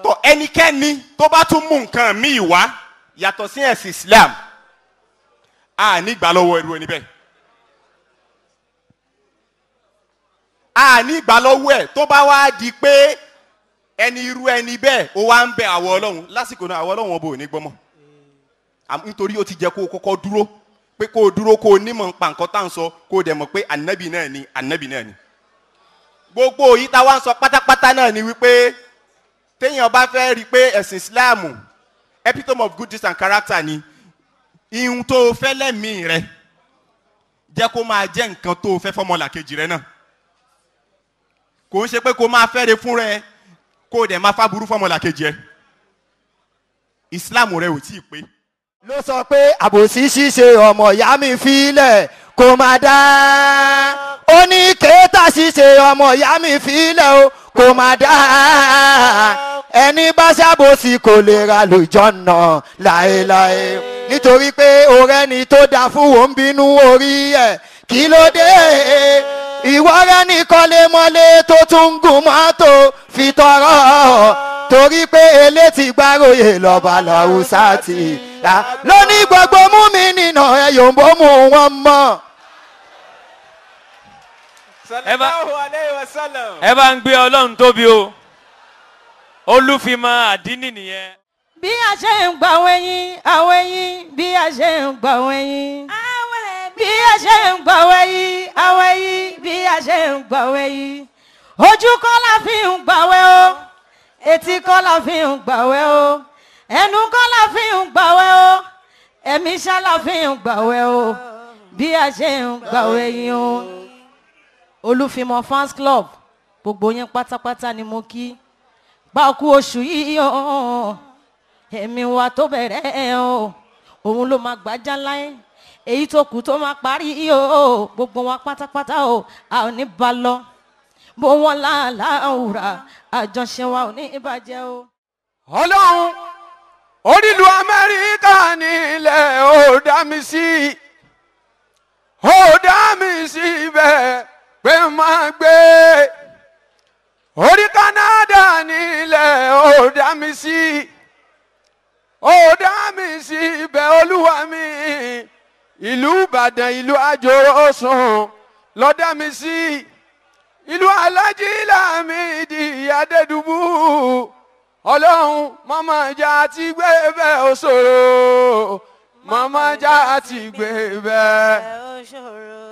tọ ẹnikẹ́ni tó bá tún mú nǹkan míì wá yàtọ̀ sí ẹ̀sìn Islam a ní ìgbà ẹrú ẹni bẹ́ẹ̀ a ní ìgbà lọ́wọ́ tó bá wá di pé. ẹni irú ẹni bẹ́ẹ̀ ó wá ń bẹ àwọ̀ ọlọ́run lásìkò náà àwọ̀ ọlọ́run ọba ò ní gbọ́mọ̀ nítorí ó ti jẹ́ kó o kọ́kọ́ dúró pé kó o dúró kó o nímọ̀ nípa nǹkan tá à ń sọ kó o dẹ̀ mọ̀ pé ànábì náà ni ànábì náà ni gbogbo òyìn tá a wá ń sọ pátápátá náà ni wípé téèyàn bá fẹ́ rí i pé ẹ̀sìn Islam epitome of goodness and character ni ihun tó o fẹ́ lẹ́mìí rẹ jẹ́ kó máa jẹ́ nǹkan tó o fẹ́ fọmọlàkejì rẹ náà kò ń ṣe pé kó máa re fún rẹ kó o dẹ̀ máa fa burú fọmọlàkejì ẹ islam rẹ ò tí ì pé. ló sọ pé àbòsí ṣíṣe ọmọ ìyá mi fílẹ̀ kò má dáa ó ní kéétà ṣíṣe ọmọ ìyá mi fílẹ̀ o kò má dáa ẹni bá ṣàbòsí kò lè ra lùjọ́nà láéláé nítorí pé ọ̀rẹ́ ni tó dáa fún òun bínú orí ẹ̀ kí ló dé ìwọ rẹ ní kọ́lémọ́lé tó tún ń gùn mọ́tò fi tọrọ torí pé eléti gbàròyè lọ́ba làwùsá ti rà lóní gbogbo mú mi nìna ẹ̀yọ̀ mú wọn mọ́. ẹ bá ń gbé ọlọ́run tóbi o olúfimọ àdínì nìyẹn. bí a ṣe ń gbà wẹ́yìn àwẹ́yìn bí a ṣe ń gbà wẹ́yìn bí a ṣe ń gbọ̀wẹ́ yìí àwẹ̀ yìí bí a ṣe ń gbọ̀wẹ́ yìí ojú kọ́ la fi ń gbọ̀wẹ́ o etí kọ́ la fi ń gbọ̀wẹ́ o ẹnu kọ́ la fi ń gbọ̀wẹ́ o ẹ̀mí ṣá la fi ń gbọ̀wẹ́ o bí a ṣe ń gbọ̀wẹ́ yìí o olùfimọ̀ fans club gbogbo yín pátápátá ni mo kí bá a kú oṣù yìí o ẹ̀mí wa tó bẹ̀rẹ̀ o òun ló máa gbájá láyé èyí tó kù tó máa parí o gbogbo wọn pátápátá o a ò ní bá lọ bó wọn láàláwùrà àjọṣe wa ò ní ìbàjẹ́ o. ọlọ́run orílùú amẹ́ríkà nílẹ̀ ó dá mi sí ó dá mi sí bẹ́ẹ̀ pé máa gbé orí Canada nílẹ̀ ó dá mi sí ó dá mi sí bẹ́ẹ̀ olúwa mi ìlú ìbàdàn ìlú àjòrò sùn lọ́dá mi sí ìlú alájí làmìdí adédùbù ọlọ́run màmá ìjà àti gbé bẹ́ẹ̀ ó ṣòro màmá ìjà àti gbé bẹ́ẹ̀ ó ṣòro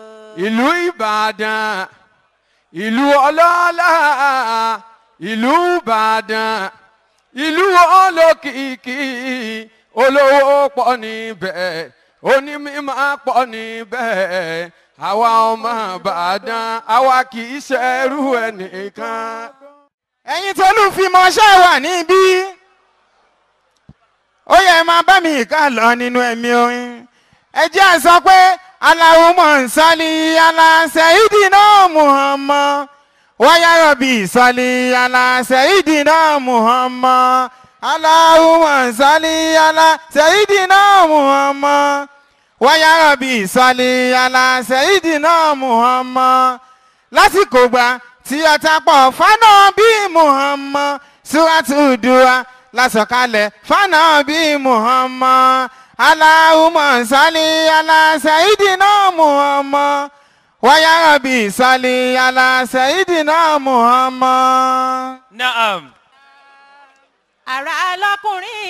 ìlú ìbàdàn ìlú ọlọ́lá ìlú ìbàdàn ìlú olókìkí olówó pọ̀ níbẹ̀. ó ní awa níbẹ̀ àwa ọmọ Ìbàdàn àwa kì í ṣẹrú ẹnìkan. ẹ̀yin fi wà níbí ó yẹ máa bá mi ìka lọ nínú ẹ̀mí oyin. ẹ jẹ́ pé sọ pé aláwùmọ̀ nsọ́lì aláṣẹ ìdí náà wáyà rọ̀bì aláṣẹ ìdí náà Allahumma salli ala Sayyidina Muhammad wa ya Rabbi salli ala Sayyidina Muhammad lásìkò gba tí ọ̀tá pọ̀ fánà bí Muhammad Suratu Dua lásọ̀kalẹ̀ fánà bí Muhammad Allahumma salli ala Sayyidina Muhammad wa ya Rabbi salli ala Sayyidina Muhammad. Naam àrà lọ́kùnrin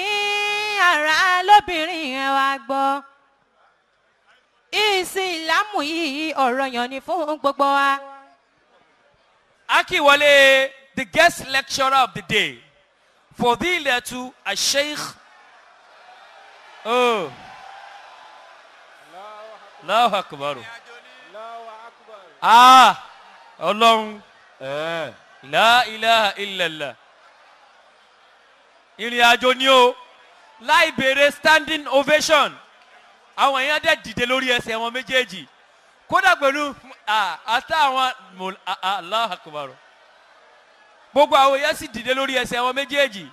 àrà lóbìnrin ẹ wá gbọ́ ìsìlámù yìí ọ̀rọ̀ yàn ni fún gbogbo wa. Akiwale, the guest lecturer of the day, for Fodilatu Asheikh. Oh. Allahu Akbar. Ah, Ọlọ́run. Eh, la ilaha illallah ìrìn àjò ni o láì béèrè standing ovation àwọn èèyàn dẹ̀ dìde lórí ẹsẹ̀ wọn méjèèjì kódà pẹ̀lú àtà àwọn Allahu Akbar gbogbo àwọn èèyàn sì dìde lórí ẹsẹ̀ wọn méjèèjì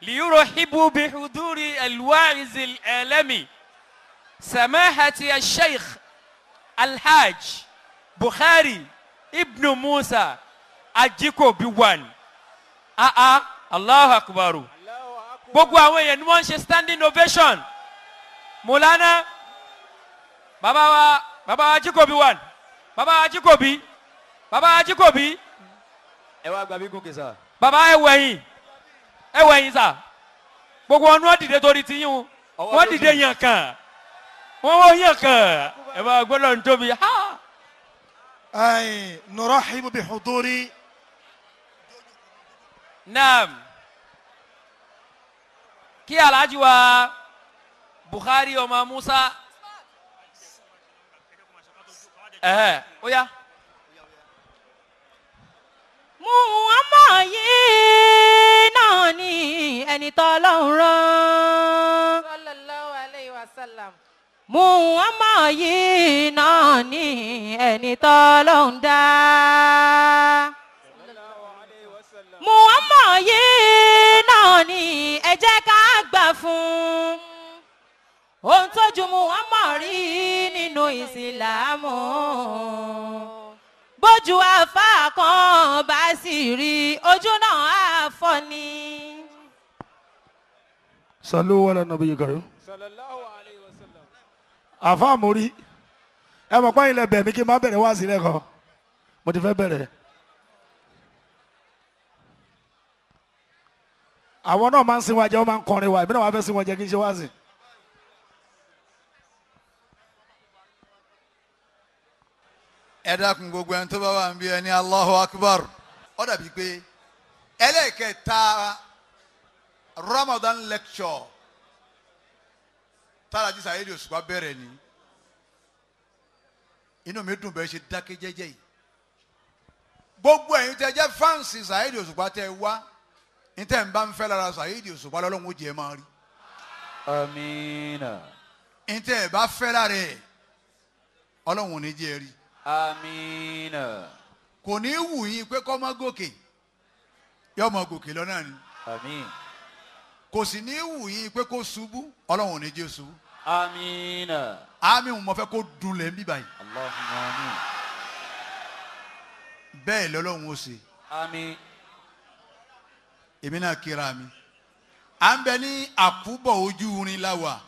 liyuro hibu bi huduri alwaizil ẹlẹ́mì samahati asheikh alhaj Bukhari ibnu Musa ajiko wan allahu akbaru gbogbo àwọn èèyàn ni wọ́n ń ṣe standing ovation mulana baba wa baba wa jikobi one baba wa jikobi baba wa jikobi. ẹ wá gba bí gòkè sá. baba ẹ wẹ̀yìn ẹ wẹ̀yìn sá gbogbo wọn ni wọ́n dìde torí ti yín o wọ́n dìde yàn kàn wọ́n wọ́n yàn kàn ẹ bá gbọ́dọ̀ nítorí ha. ayi nurahibu bi huduri naam kí alhaji wa Buhari ọmọ Musa ẹ̀hẹ́ ó yá. mo wá mọ̀ yìí náà ni ẹni tó lọ́hùn rán. alayhi wa sallam. mo wá mọ̀ yìí náà ni ẹni tó lọ́hùn dá yìí náà ni ẹ jẹ́ ká gbà fún ohun tójú Muhammad rí nínú ìsìlámù bójú àfa kan bá sì rí ojú náà á fọ́ ni. sọlú wàlá nàbí yìí àfa àmúrí ẹ mọ̀ pé ilẹ̀ bẹ̀ mí kí n má bẹ̀rẹ̀ wá sílẹ̀ kan mo ti fẹ́ bẹ̀rẹ̀. àwọn náà máa ń sin wa jẹ́ wọ́n máa ń kọrin wa ìbí náà wàá fẹ́ sin wọn jẹ́ kí n ṣe wá sí. ẹ dákun gbogbo ẹni tó bá wà ń bí ẹni Allahu Akbar ó dàbí pé ẹlẹ́ẹ̀kẹta Ramadan lecture tálájí sàyẹ́dì òṣùpá bẹ̀rẹ̀ ni inú mi dùn bẹ́ẹ̀ ṣe dákẹ́ jẹ́jẹ́ yìí gbogbo ẹ̀yin tẹ́ jẹ́ fáǹsì sàyẹ́dì òṣùpá tẹ́ wá ntẹ́ ń bá ń fẹ́ lára Saheed Òṣùpá lọ́lọ́run ó jẹ́ máa rí. amiina. ntẹ́ ẹ̀ bá fẹ́ lára ẹ̀ ọlọ́run ò ní jẹ́ ẹ rí. amiina. kò ní wù yín pé kọ́ mọ́ gòkè yóò mọ gòkè lọ́nà ni. àmín. kò sì ní wù yín pé kó ṣubú ọlọ́run ò ní jẹ́ amiina. àmín mo fẹ́ kó dunlẹ̀ ń bí báyìí. Allahumma àmín. bẹ́ẹ̀ lọ́lọ́run ó ṣe. àmín. èmi náà kíra mi à ń bẹ ní àkúbọ̀ ojú irin láwà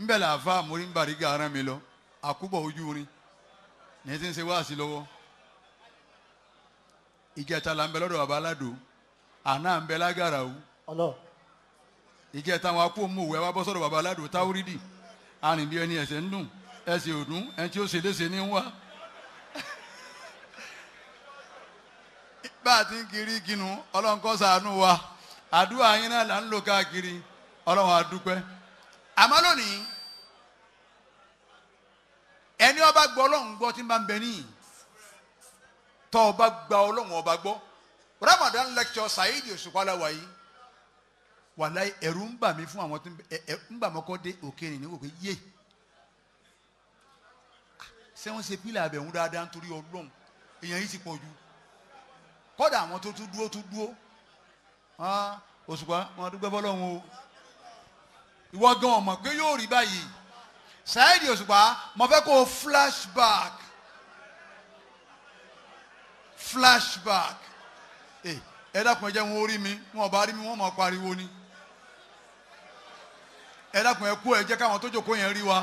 ń bẹ làáfà ara mi lọ àkúbọ̀ ojú irin ní ti ń se wáàsí lọ́wọ́ ìjẹta là ń bẹ lọ́dọ̀ bàbá aládò àná ń bẹ lágàrà o ìjẹta wọn kó mú òwe wa bọ́ sọ́dọ̀ bàbá aládò táwórìdì arìnbí ẹni ẹ̀sẹ̀ ń dùn ẹ̀sẹ̀ òdùn ẹni tí ó ṣe léṣe ní bá a ti ń kiri ginu ọlọ́run kó ṣàánú wa àdúrà náà là ń lò káàkiri ọlọ́run àdúpẹ́ ẹni ọba gbọ́ ọlọ́run gbọ́ tí ń bá ń ọba gba ọlọ́run ọba gbọ́ Ramadan lecture Saheed Òṣùpá la wà ẹ̀rù ń bà mí fún àwọn ń bà mọ́kọ́ kọ́dà àwọn tó tún dúró tún dúró òṣùpá wọn dúpẹ́ fọlọ́run o ìwọ gan ọmọ pé yóò rí báyìí Saheed òṣùpá mo fẹ́ kó flashback flashback eh, ẹ dákun ẹ jẹ́ wọn orí mi wọn ò bá rí mi wọn mọ̀ pariwo ni ẹ dákun ẹ kú ẹ jẹ́ káwọn tó jókòó yẹn rí wa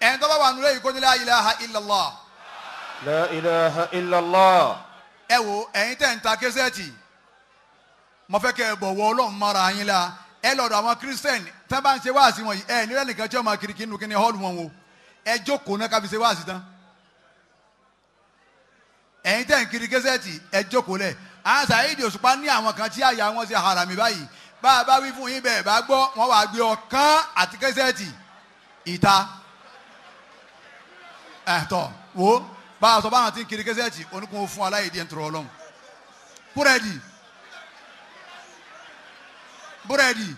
ẹni tó bá wà nínú èyí kó ní la ilaha illallah. la ilaha illallah. ẹ wo ẹ̀yin tẹ̀ ń ta kẹsẹ́ẹ̀tì mo fẹ́ kẹ́ ẹ bọ̀wọ̀ ọlọ́run mara yín la ẹ lọ́dọ̀ àwọn christian tẹ́ bá ń ṣe wáàsí wọ̀nyí ẹ nílẹ̀ nìkan tí wọ́n máa kiri kí nínú kí ni hall wọn o ẹ jókòó náà kábi ṣe wáàsí tán ẹ̀yin tẹ́ ń kiri kẹsẹ́ẹ̀tì ẹ jókòó lẹ̀ àwọn sàyídì òṣùpá ní àwọn kan tí àyà wọn ṣe harami báyìí bá a bá wí fún yín bẹ́ẹ̀ bá gbọ́ wọn wàá gbé ọkàn àti kẹsẹ́ẹ̀tì ìta ẹ̀tọ́ eh, wo bá a sọ báwọn ti ń kiri kẹsẹ́ẹ̀tì oníkun fún aláìdí ẹ̀ ń tọrọ ọlọ́run búrẹ́dì búrẹ́dì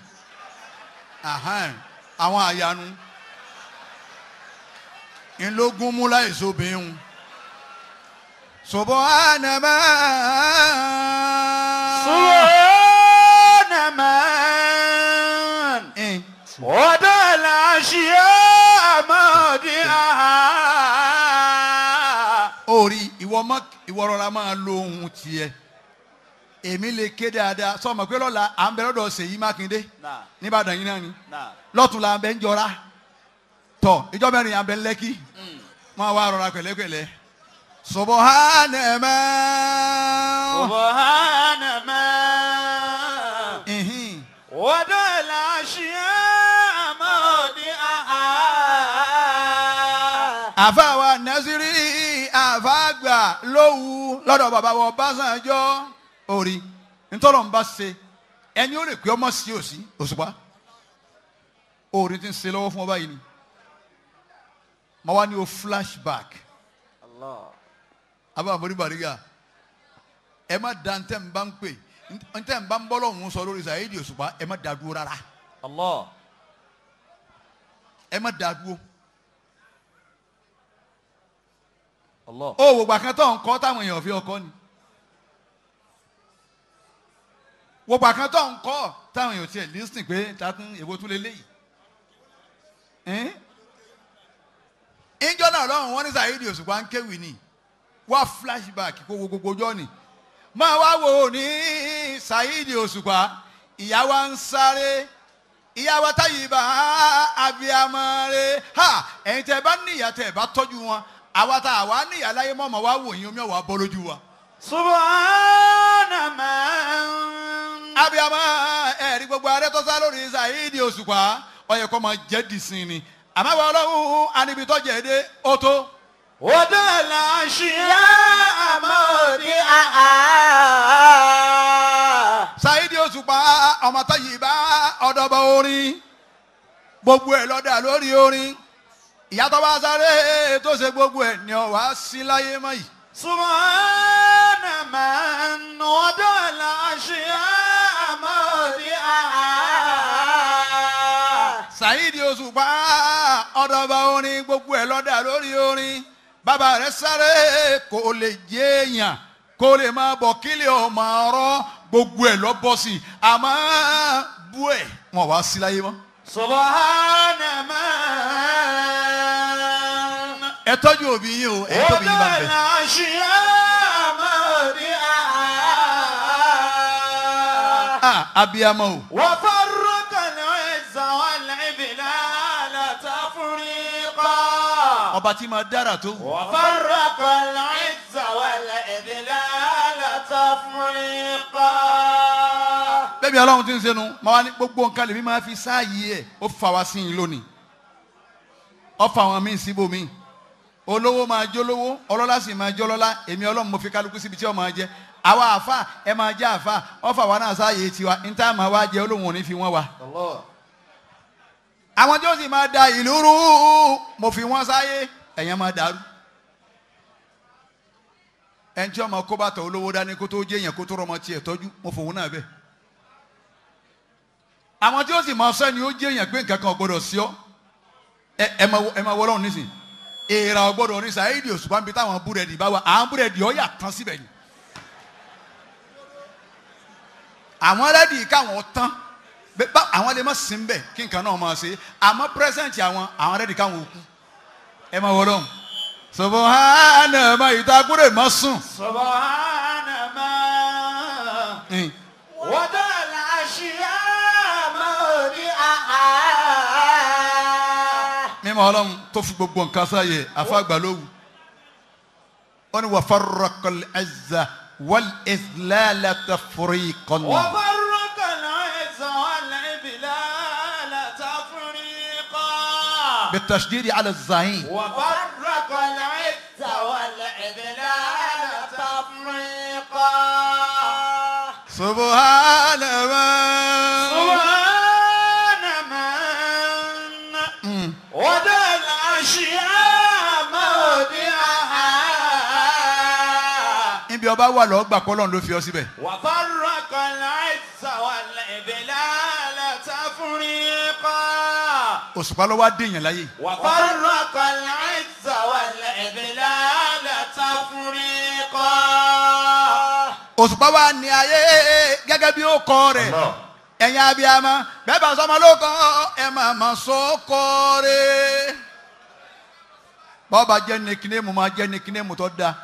àwọn àyanu ńlógún mú láìsó bẹ́ẹ̀ ń orí ìwọ mọ ìwọ rọra máa lo ohun tiẹ̀ èmi lè ké dáadáa sọmọ pé lọ́la à ń bẹ lọ́dọ̀ Ṣèyí Mákindé nìbàdàn yìí náà ni lọ́tùnla bẹ ń jọra tọ máa hmm. wá rọra ma. subahana ma. wọ́dọ̀ àmọ́ lówu lọ́dọ̀ bàbá wa Ọbásanjọ́ orí ntọ́lọ̀ ń bá ṣe ẹni ó lè pé ọmọ sí òsì òṣùpá orí ti ń ṣe lọ́wọ́ fún ọba yìí ni mo wá ní o flashback abá àmọ́rí bàrígà ẹ má da ntẹ́ ń bá ń pè ntẹ́ ń bá ń bọ́lọ̀ ń sọ lórí Saheed Òṣùpá ẹ má da dúró rárá ẹ má da dúró. Allah. ó wò gbà kan tó ń kọ́ táwọn èèyàn fi ọkọ ni wò gbà kan tó ń kọ́ táwọn èèyàn tiẹ̀ lísìn pé tatún èwo tún lélẹ́yìí ìjọ náà lọ́rùn wọn ní Saheed Òṣùpá ń kéwì ni wá flashback kó wo gbogbo ọjọ́ ni máa wá wò ní Saheed Òṣùpá ìyá wa ń sáré ìyá wa táyì bá abiyamọ rẹ ha ẹ̀yin tẹ́ bá níyà tẹ́ bá tọ́jú wọn àwa tá àwa ní ìyáláyé mọ̀mọ́ wá wò yín omi ọ̀wà bọ́ lójú wa. subhana man. abiyamọ ẹ̀rí gbogbo arẹ tó sá lórí Saheed Òṣùpá ó yẹ máa jẹ́ dìsín ni àmọ́ àwọn ọlọ́run anibitọ́ jẹ́ dé ó tó. odò làṣìyà àmọ́dé àá. Saheed Òṣùpá ọmọ tó yìí bá ọ̀dọ́bọ̀ orin gbogbo ẹ̀ lọ́dà lórí orin ìyá tó bá sáré tó ṣe gbogbo ẹ̀ ni ọ̀ wá sí láyé mọ́ yìí. sùmọ́nà máa ń nu ọdún ọ̀la ṣìyá àmọ́ọ̀dí àhà. Saheed Òṣùpá ọ̀dọ̀ba orin gbogbo ẹ̀ lọ́dà lórí orin bàbá rẹ̀ sáré kò lè jẹ́ èèyàn kó lè máa bọ̀ kílẹ̀ ọmọ ọ̀rọ̀ gbogbo ẹ̀ lọ́bọ̀ sí i àmọ́ bú ẹ̀ wọn wá sí láyé mọ́. sọ̀rọ̀ hánà máa ẹ tọ́jú òbí yín o ẹ tọ́jú yín bá fẹ́. ọ̀dọ́ náà ṣì ń mọ̀ ní àá. abiyamọ o. wọ́n fọ́ rúkànnì ẹ̀sán wà lẹ́bi lánà tó fúnri kọ́. ọba tí máa dára tó. wọ́n fọ́ rúkànnì ẹ̀sán wà lẹ́bi lánà tó fúnri kọ́. bẹ́ẹ̀ bí ọlọ́run ti ń sẹ́nu máa ní gbogbo nǹkan lèmi máa fi sáàyè ẹ̀ ó fà wá sí i lónìí ó fà wọn míì olówó máa jólówó ọlọ́lá sì máa jọlọ́lá èmi ọlọ́run mo fi kálukú síbi tí ọ máa jẹ àwa àfa ẹ máa jẹ àfa ọfà wa náà sáàyè tiwa níta máa wá jẹ fi wa. àwọn tí ó sì máa da ìlú rú mo fi wọn sáyé ẹ̀yàn máa dàrú. ẹn tí ọmọ kó bàtà olówó dání kó tó jẹ èèyàn kó tó rọmọ tiẹ̀ tọ́jú mo fòun náà àwọn sọ ẹni ó jẹ pé nǹkan kan gbọdọ̀ ẹ ẹ máa wọlọ́run nísìnyí. èèrà ọgbọ́dọ̀ ní sàyẹ́dì òṣùpá níbi táwọn búrẹ́dì bá wà àwọn búrẹ́dì ọ yà tán síbẹ̀ ni àwọn rẹ́dì káwọn tán àwọn lè má sin bẹ̀ kí nǹkan náà máa ṣe àmọ́ pírẹ́sẹ̀ǹtì àwọn àwọn rẹ́dì káwọn òkú ẹ máa wọ lọ́hùn. hàn án náà máa ìtakùrẹ̀ má sùn. sọ̀bọ̀n hàn. fún ọlọ́run tó fi gbogbo nǹkan sáyè afáàgbà lówù ó ní wàfárọ́kọ̀ ẹ̀zà wọ́n ìsìlẹ̀ tẹ̀fọ́rí kọ́nà. wàfárọ́kọ̀ ẹ̀zà wọ́n ìsìlẹ̀ tẹ̀fọ́rí kọ́nà. بالتشديد على الزعيم وفرق العز والعدلان تفريقا سبحان من lọ bá wà lọ gbà pọ́lọ́n ló fi ọ síbẹ̀. wàfàrọ̀ kan láì sàwọlẹ̀ ìbílẹ̀ àlàtà fúnri pa. òṣùpá ló wá dèèyàn láyè. wàfàrọ̀ kan láì sàwọlẹ̀ ìbílẹ̀ àlàtà fúnri pa. òṣùpá wa ní ayé gẹ́gẹ́ bí ó kọ rẹ̀ ẹ̀yin abiyamọ bẹ́ẹ̀ bá sọmọ ló kọ́ ẹ̀ máa ma sọ́kọ́ rẹ̀ bọ́ọ̀ bá jẹ́ nìkínémù máa jẹ́ nìkínémù tó dáa.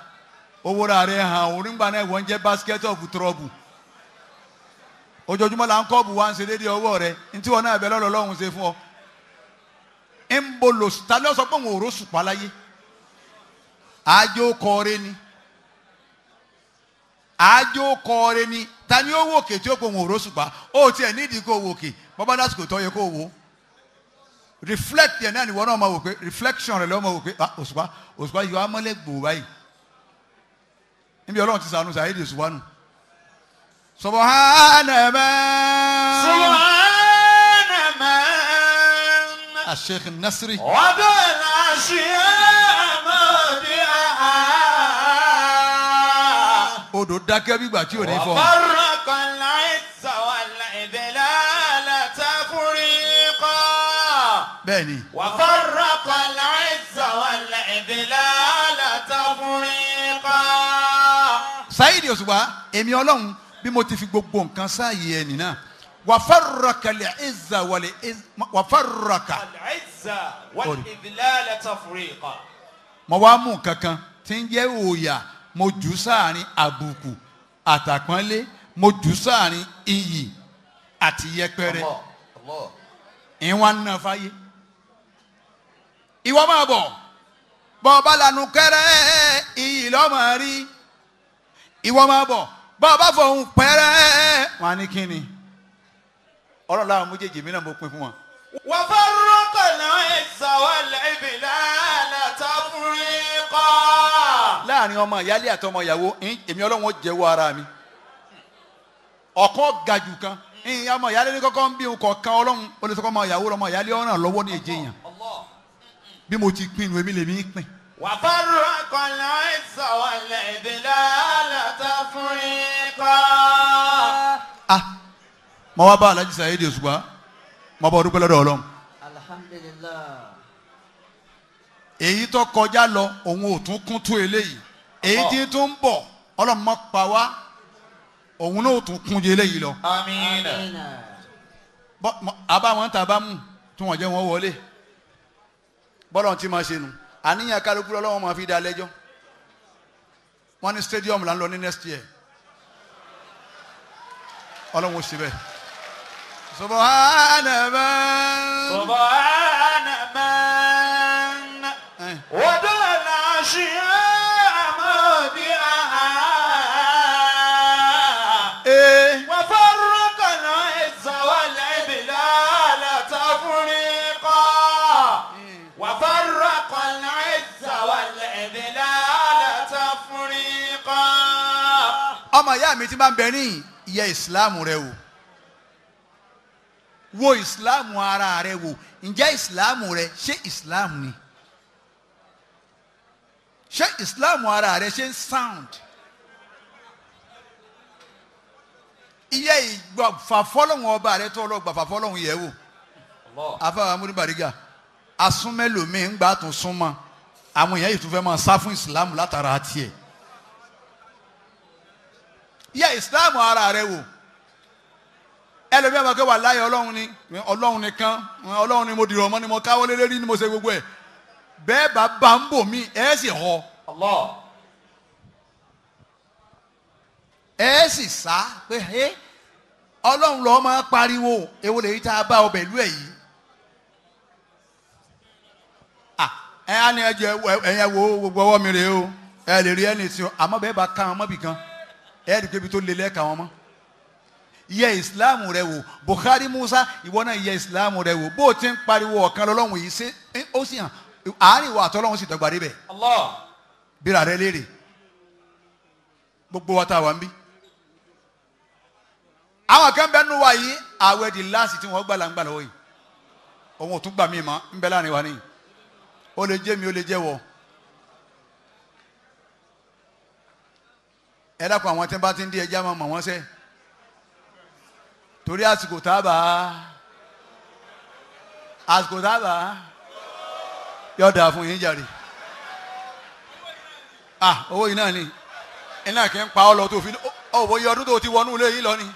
owó ra rẹ hàn òun nígbà ń jẹ́ basket of trouble ojoojúmọ́ la ń kọ́ọ̀bù wa ń ṣe déédéé ọwọ́ rẹ ntí wọn náà bẹ lọ́lọ́ ṣe ta ló sọ pé òun ò láyé ni ni ta ni ó tí ó òun ò ó tiẹ̀ nídìí kó lásìkò tó yẹ kó wò reflect ni wọn náà ma wò pé reflection rẹ wò pé ah, òṣùpá òṣùpá amọ́lẹ́gbò níbi ọlọ́run ti sànù sàyédè sùwánù. subhana man. subhana man. asheikh nasiri. wàdó nàṣíyá mọ̀ọ́dí àhá. odò dákẹ́ bígbà tí ò ní fọ́. ọ̀bọ̀rọ̀ kan láì sàwọ́lá ìbẹ̀lẹ̀ àlàtàkùnrin kọ́. bẹ́ẹ̀ ni. wàfọ̀rọ̀ kan láì sàwọ́lá ìbẹ̀lẹ̀. Saheed Òṣùpá èmi ọlọ́run bí mo ti fi gbogbo nǹkan sáàyè ẹni náà wàfàrọ̀kà lè ẹ̀zà wàlẹ̀ wàfàrọ̀kà. ẹ̀zà wàlẹ̀ ìdílálẹ̀ tafuriqa. mo wá mú kankan tí ń jẹ́ òòyà mo jù sáàrin àbùkù àtàpọ́nlé mo jù sáàrin iyì àti yẹpẹrẹ ìwọ̀n náà fáyé ìwọ máa bọ̀ bọ̀ bá lanu kẹrẹ iyì lọ́mọ rí ìwọ máa bọ̀ bá a bá fọhùn pẹ́rẹ́ wọn á ní kí ni ọ̀rọ̀ làwọn méjèèjì mi náà mo pin fún wọn. wọ́n bá rọ́kọ̀ náà ẹ̀ sàwọ́lẹ̀ ìbílẹ̀ àlàtàkùnrin kọ́. láàrin ọmọ ìyáálé àtọmọ ìyàwó èmi ọlọ́wọ́n jẹ́wọ́ ara mi ọ̀kan gàjù kan ìyá ọmọ ìyáálé ní kọ́kọ́ ń bí nǹkan kan ọlọ́run olùsọ́kọ́ ọmọ ìyàwó ọmọ ìyáálé ọ̀ràn lọ́wọ́ ní èjì yàn bí mo ti pinnu èmi lèmi ń pin وفرق العز والإذلال تفريقا ah mo wá bá Alhaji Saheed Oṣùpá mo bá dúpẹ́ lọ́dọ̀ Ọlọ́run. alhamdulillah. èyí tó kọjá lọ òun ò tún kún tó eléyìí èyí tí oh. tó ń bọ̀ Ọlọ́run má pa wá òun náà ò tún kún ju eléyìí lọ. amiina. bọ́ àbáwọn tàbá mú tí wọ́n jẹ́ wọn wọlé bọ́lọ̀ tí máa ṣe nù àníyàn kálukú lọ́wọ́ máa fi dá lẹ́jọ́ wọ́n ní stadium là ń lọ ní next year ọlọ́run ò sí bẹ́ẹ̀. subahana man. subahana. ọmọ ìyá mi ti máa ń bẹ níyìn yẹ ìsìláàmù rẹ wò wo ìsìláàmù ara rẹ wò ǹjẹ́ ìsìláàmù rẹ ṣé ìsìláàmù ni ṣé ìsìláàmù ara rẹ ṣe ń sound iye ìgbàfàfọ́lọ́hún ọba rẹ tó lọ gbàfàfọ́lọ́hún yẹ wò afáwọn amúnibàrígà asúnmẹ́lòmíì ń gbà tún súnmọ́ àwọn èèyàn yìí tún fẹ́ máa sá fún ìsìláàmù látara tiẹ̀. yẹ islam ara rẹ wò ẹlòmíà máa wà láyé ọlọ́run ni nìkan ọlọ́run ni mo dìrọ̀ mọ́ ni mo káwọ́ lé ni mo ṣe gbogbo ẹ bẹ́ẹ̀ bá bá ń bò mí ẹ̀ sì họ ẹ̀ sì sá pé ọlọ́run máa pariwo èwo lèyí tá a bá ọ pẹ̀lú yìí á ní wo gbogbo mi o lè rí bá mọbì ẹ rí i pé ibi tó le lẹ́ka wọn mọ́ yẹ islam rẹ wò Buhari Musa ìwọ náà yẹ islam rẹ wò bó o ti ń pariwo ọ̀kan lọ́lọ́run yìí ṣe ó sì hàn àárín ìwà àtọ́lọ́run sì dọ́gba débẹ̀ bíra rẹ léèrè gbogbo wa tá a wà ń bí. àwọn kan bẹ́ẹ̀ nù wá yìí àwẹ̀ di láàsì tí wọ́n gbà láǹgbà lọ́wọ́ yìí òun ò tún gbà mí mọ́ ń bẹ láàrin wa nìyí ó lè jẹ́ mi ó lè jẹ́ wọ́ ẹ dákun àwọn tí wọn bá ti ń di ẹja máa mọ̀ wọ́n sẹ́ torí àsìkò tábà àsìkò tábà yóò dà fún yín jàre ah owó yìí náà ni iná kì í pa ọ́ lọ tó fi ọ̀ wòye ọdún tó ti wọnú ilé yìí lọ ni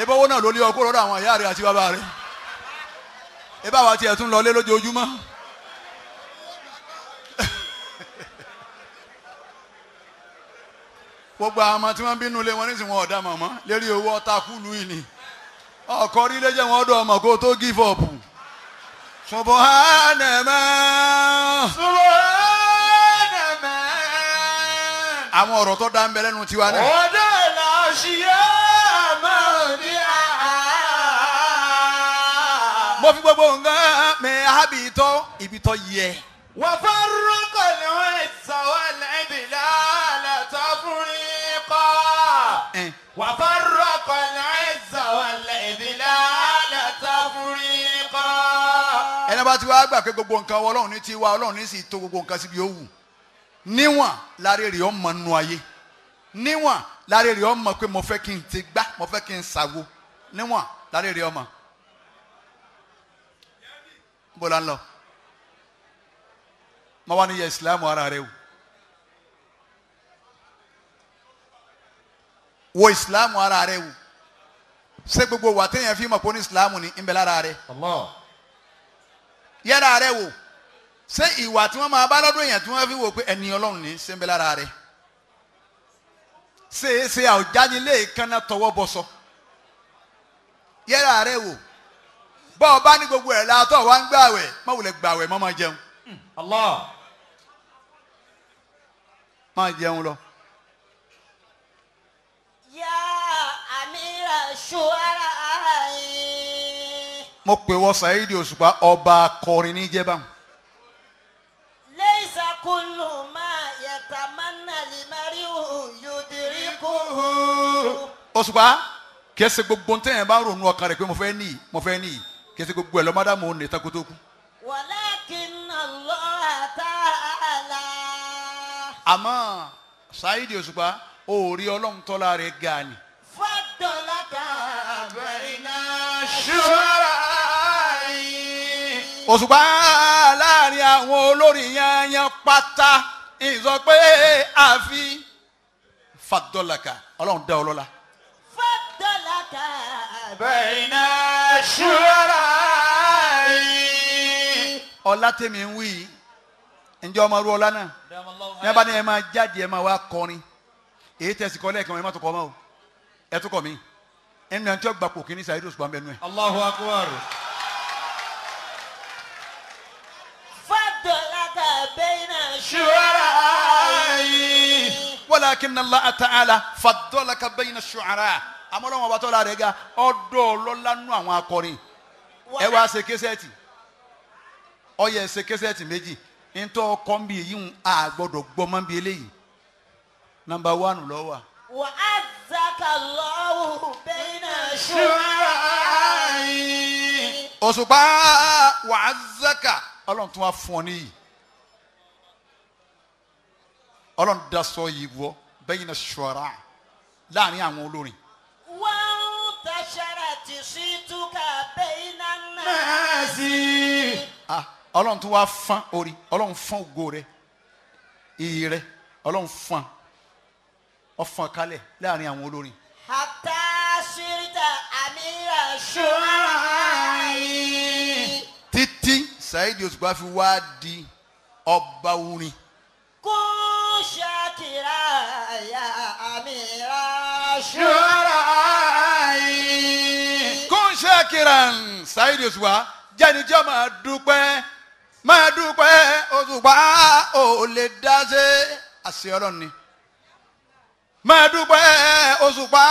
ebi owó náà ló lé ọkọ lọ́dọ̀ àwọn ìyá rẹ̀ àti bàbá rẹ̀ ebi àwa tiẹ̀ tún lọ lé gbogbo àwọn ọmọ tí wọ́n bínú lé wọn nísìnyí wọn ọ̀dà màmá lérí owó ọ̀tá kúlù yìí ni ọkọ rílé jẹ́ wọn ọdọ̀ ọmọ kó tó give up. Subhanallah. Subhanallah. àwọn ọ̀rọ̀ tó dá ń bẹ lẹ́nu tiwa náà. ọ̀dọ̀ là ṣì yá mọ̀ ní àhà. mo fi gbogbo nǹkan mi àbí ìtọ́ ibi tó yẹ. wà á rúkọ̀ ní wọ́n ìtàwọ̀ lẹ́bi láàlà tó fún mi. وفرق العز والإذلال تفريقا. ẹni bá ti wá gbà pé gbogbo nǹkan ọlọ́run ní ti wá ọlọ́run ní sì tó gbogbo nǹkan síbi ó wù níwọ̀n láre rè ọmọ nù ayé níwọ̀n láre rè ọmọ pé mo fẹ́ kí n ti gbá mo fẹ́ kí n ṣàwo níwọ̀n láre rè ọmọ. bó la ń lọ mo wá ní yẹ ìsìlámù ara rẹ wò. wo ìsìláàmù ara rẹ wò ṣé gbogbo wà téèyàn fi mọ̀ pé ó ní ìsìláàmù ní ń bẹ lára rẹ yẹ́ra rẹ wò se ìwà tí wọ́n máa bá lọ́dún èèyàn tí wọ́n fi wò pé ẹni ọlọ́run ní ṣe ń bẹ rẹ e ṣe é ṣe kanna tọwọ́ bọ́sọ yẹ́ra rẹ wò bọ́ ọ bá ní gbogbo ẹ̀ látọ̀ wá ń gbàwẹ̀ má wulẹ̀ gbàwẹ̀ má máa jẹun hmm. má jẹun lọ. mo pè wọ Saheed Òṣùpá ọba akọrin ní jẹba. lẹ́yìn sàkúlù máa yàtà mánà lè má rí òyòdìrí Òṣùpá kìí gbogbo ntẹ́ yẹn bá ronú ọkàn rẹ̀ pé mo fẹ́ níyì mo fẹ́ níyì kìí ṣe gbogbo ẹ̀ lọ́mọdé àmọ́ òun nìta kó àmọ́ Saheed Òṣùpá ó rí ọlọ́run tọ́lá rẹ̀ gani òṣùpá láàrin àwọn olórí yanyan pátá ìsọ pé àfi fàdọ́làkà ọlọ́run dá ọ lọ́lá. fàdọ́làkà bẹ̀rìnà ṣúra yìí. ọlá tèmi ń wí ǹjẹ́ ọmọ ru ọlá náà ní abáni ẹ máa jáde ẹ máa wá kọrin èyí tẹ̀sí kọ́ ẹ má tó kọ́ o. ẹ tún kọ mi ẹnu àti ọgbà kò kíní sàyẹ́dì òṣùpá mẹ́nu ẹ. Allahu Akbar. fadolaka bẹ́ẹ̀nà ṣùwárà yìí. walakinna Allah ta'ala fadolaka bẹ́ẹ̀nà ṣùwárà amọ̀lọ́wọ́n bàtọ́ la rẹ̀ ga ọ̀dọ́ ọlọ́lánú àwọn akọrin ẹ wá ṣe kẹsẹ́ẹ̀tì ọyẹ ṣe kẹsẹ́ẹ̀tì méjì ntọ́ yìí ń àgbọ̀dọ̀ eléyìí nàmbà wánù lọ́wọ́. wà á òṣùpá wàá zaka ọlọ́run tún wá fún ọ níyì ọlọ́run dasọ yìí wọ bẹ́yìn náà ṣọ́ra láàrin àwọn olórin. wọ́n tàṣàrà tí sí túkà bẹ́yìn náà. máa sí. ọlọ́run tún wá fán orí ọlọ́run fán ògo rẹ iyì rẹ ọlọ́run fán ọ̀fàn kalẹ̀ láàrin àwọn olórin. hatta sirita amira shu'ara'i. títí Saheed Oṣùpá fi wá di ọba orin. kún ṣàkìrà ya amira shu'ara'i. kún ṣàkìrà Saheed Oṣùpá jẹ́nijọ́ máa dúpẹ́ máa dúpẹ́ Oṣùpá ò lè dá sí àṣẹ ni máa dúpẹ́ òṣùpá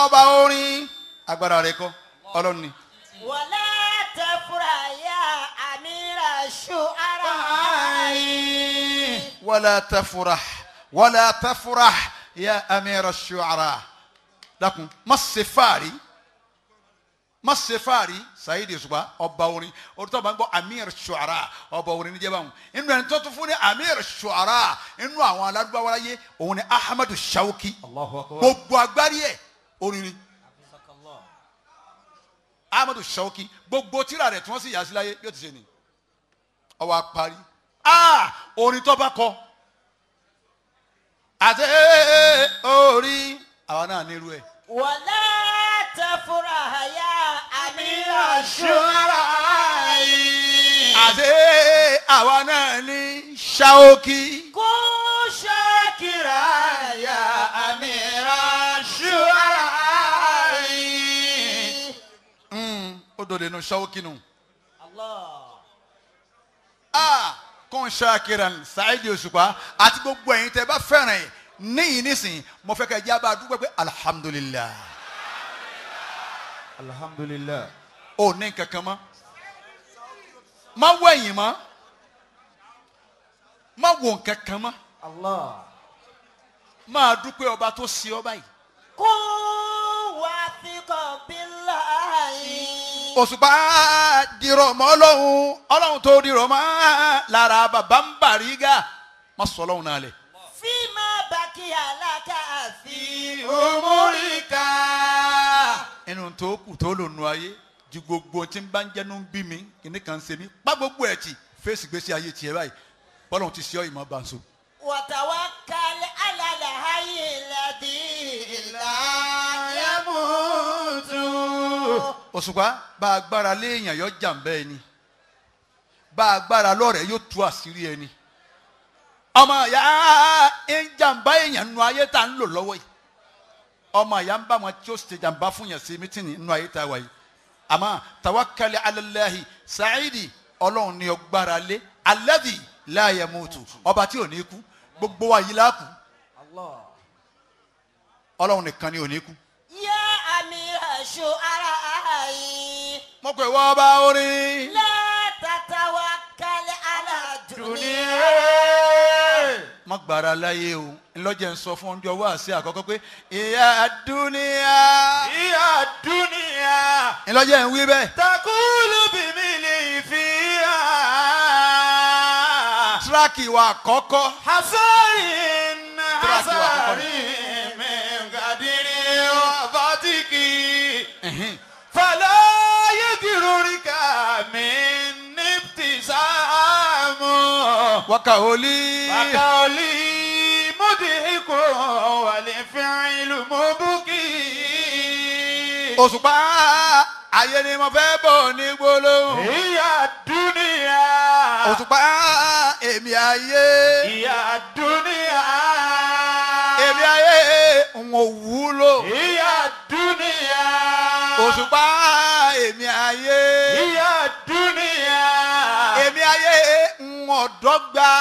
ọba orin agbára rẹ̀ kọ́ ọlọ́run ni. wọlé tẹ fúra yá àmìrà ṣù ara yìí. wọlé tẹ fúra wọlé tẹ fúra yá àmìrà ṣù ara dákun má ṣe fàárí má ṣe fáàrí Saheed Òṣùpá ọba orin orúkọ bá ń gbọ́ amir shuara ọba orin níjẹ́ báwọn inú ẹni tó tún fún ní amir shuara inú àwọn aládùbáwáyé òun ni Ahmadu Shawki gbogbo agbárí ẹ̀ orin ni Ahmadu Shawki gbogbo tíra rẹ̀ tí wọ́n sì yà sí láyé bí ó ti ṣe ni ọwọ́ apárí ah orin tó bá kọ àti orí àwa náà nílùú ẹ̀. wọ́n láta fúnra yá náà ṣọ́ra yìí. àti àwa náà ní ṣáókì. kó ṣàkìrà ya àmì ra ṣọ́ra yìí. Hmm, ó dòde nu ṣáókì nù. Ah, kó ṣàkìrà Saheed Òṣùpá àti gbogbo ẹ̀yin tẹ́ bá fẹ́ràn yìí níyìn nísìn mo fẹ́ kẹ́ jẹ́ abá dúpẹ́ pé alihamudulilayi. alihamudulilayi ò ní kankan mọ́ má wẹ̀yìn mọ́ má wò kankan mọ́ Allah máa dúpẹ́ ọba tó ṣe ọba yìí. kó wá sí kọ̀bílà yìí. òṣùpá dirọ̀ mọ́ ọlọ́run ọlọ́run tó dirọ̀ mọ́ lára bàbá ń bàrígà má sọ ọlọ́run náà lẹ̀. fi máa bá kí aláka àfi òmùríkà. ẹnu tó kù tó lò nù ayé ju gbogbo tí n bá ń jẹ́nu bí mi kìnnì kan ṣe mí pa gbogbo ẹ̀ tì fèsì gbèsè ayé tiẹ̀ báyìí bọ́lá ti ṣe ọ́ ìmọ̀ bá ń so. wàtàwá kalẹ̀ alàlà ayé ìlàdí ìlà yẹ́mùtù. òṣùpá bá a gbára léèyàn yọ jàǹbẹ́ ẹni bá a lọ́rẹ̀ẹ́ yóò tú àṣírí ẹni ọmọ ìyá ń jàǹbá èèyàn nu ayé tá ń lò lọ́wọ́ yìí ọmọ ìyá ń bá wọn tí ó ṣe jàǹbá fún yàn sí mítìnì nu ayé tá a wà yìí àmọ́ tawakkali alalahi saidi ọlọ́run ni ọgbára lé alladhi la yamutu ọba tí ò ní kú gbogbo wa yìí láàkú ọlọ́run nìkan ni ò ní kú. yá àmì aṣọ ara ààyè. mo pè wọ́n bá orin. la tatawakkal ala dunia má gbára láyé o ńlọ́jẹ̀ ń sọ fún ọjọ́ wá sí àkọ́kọ́ pé ìyá dúníà. ìyá dúníà. ńlọ́jẹ̀ ń wí bẹ́ẹ̀. takulu bìmí lè fi hàn. tíráàkì wa àkọ́kọ́. hasarin hasarin. وكهولي وكهولي مدهك والفعل مبكي òṣùpá ayé ni mo fẹ́ bọ̀ ní gbólóhùn. ìyá dúníà. òṣùpá èmi ayé. ìyá dúníà. èmi ayé n ò wúlò. ìyá dúníà. òṣùpá èmi ayé. ọ̀dọ́gba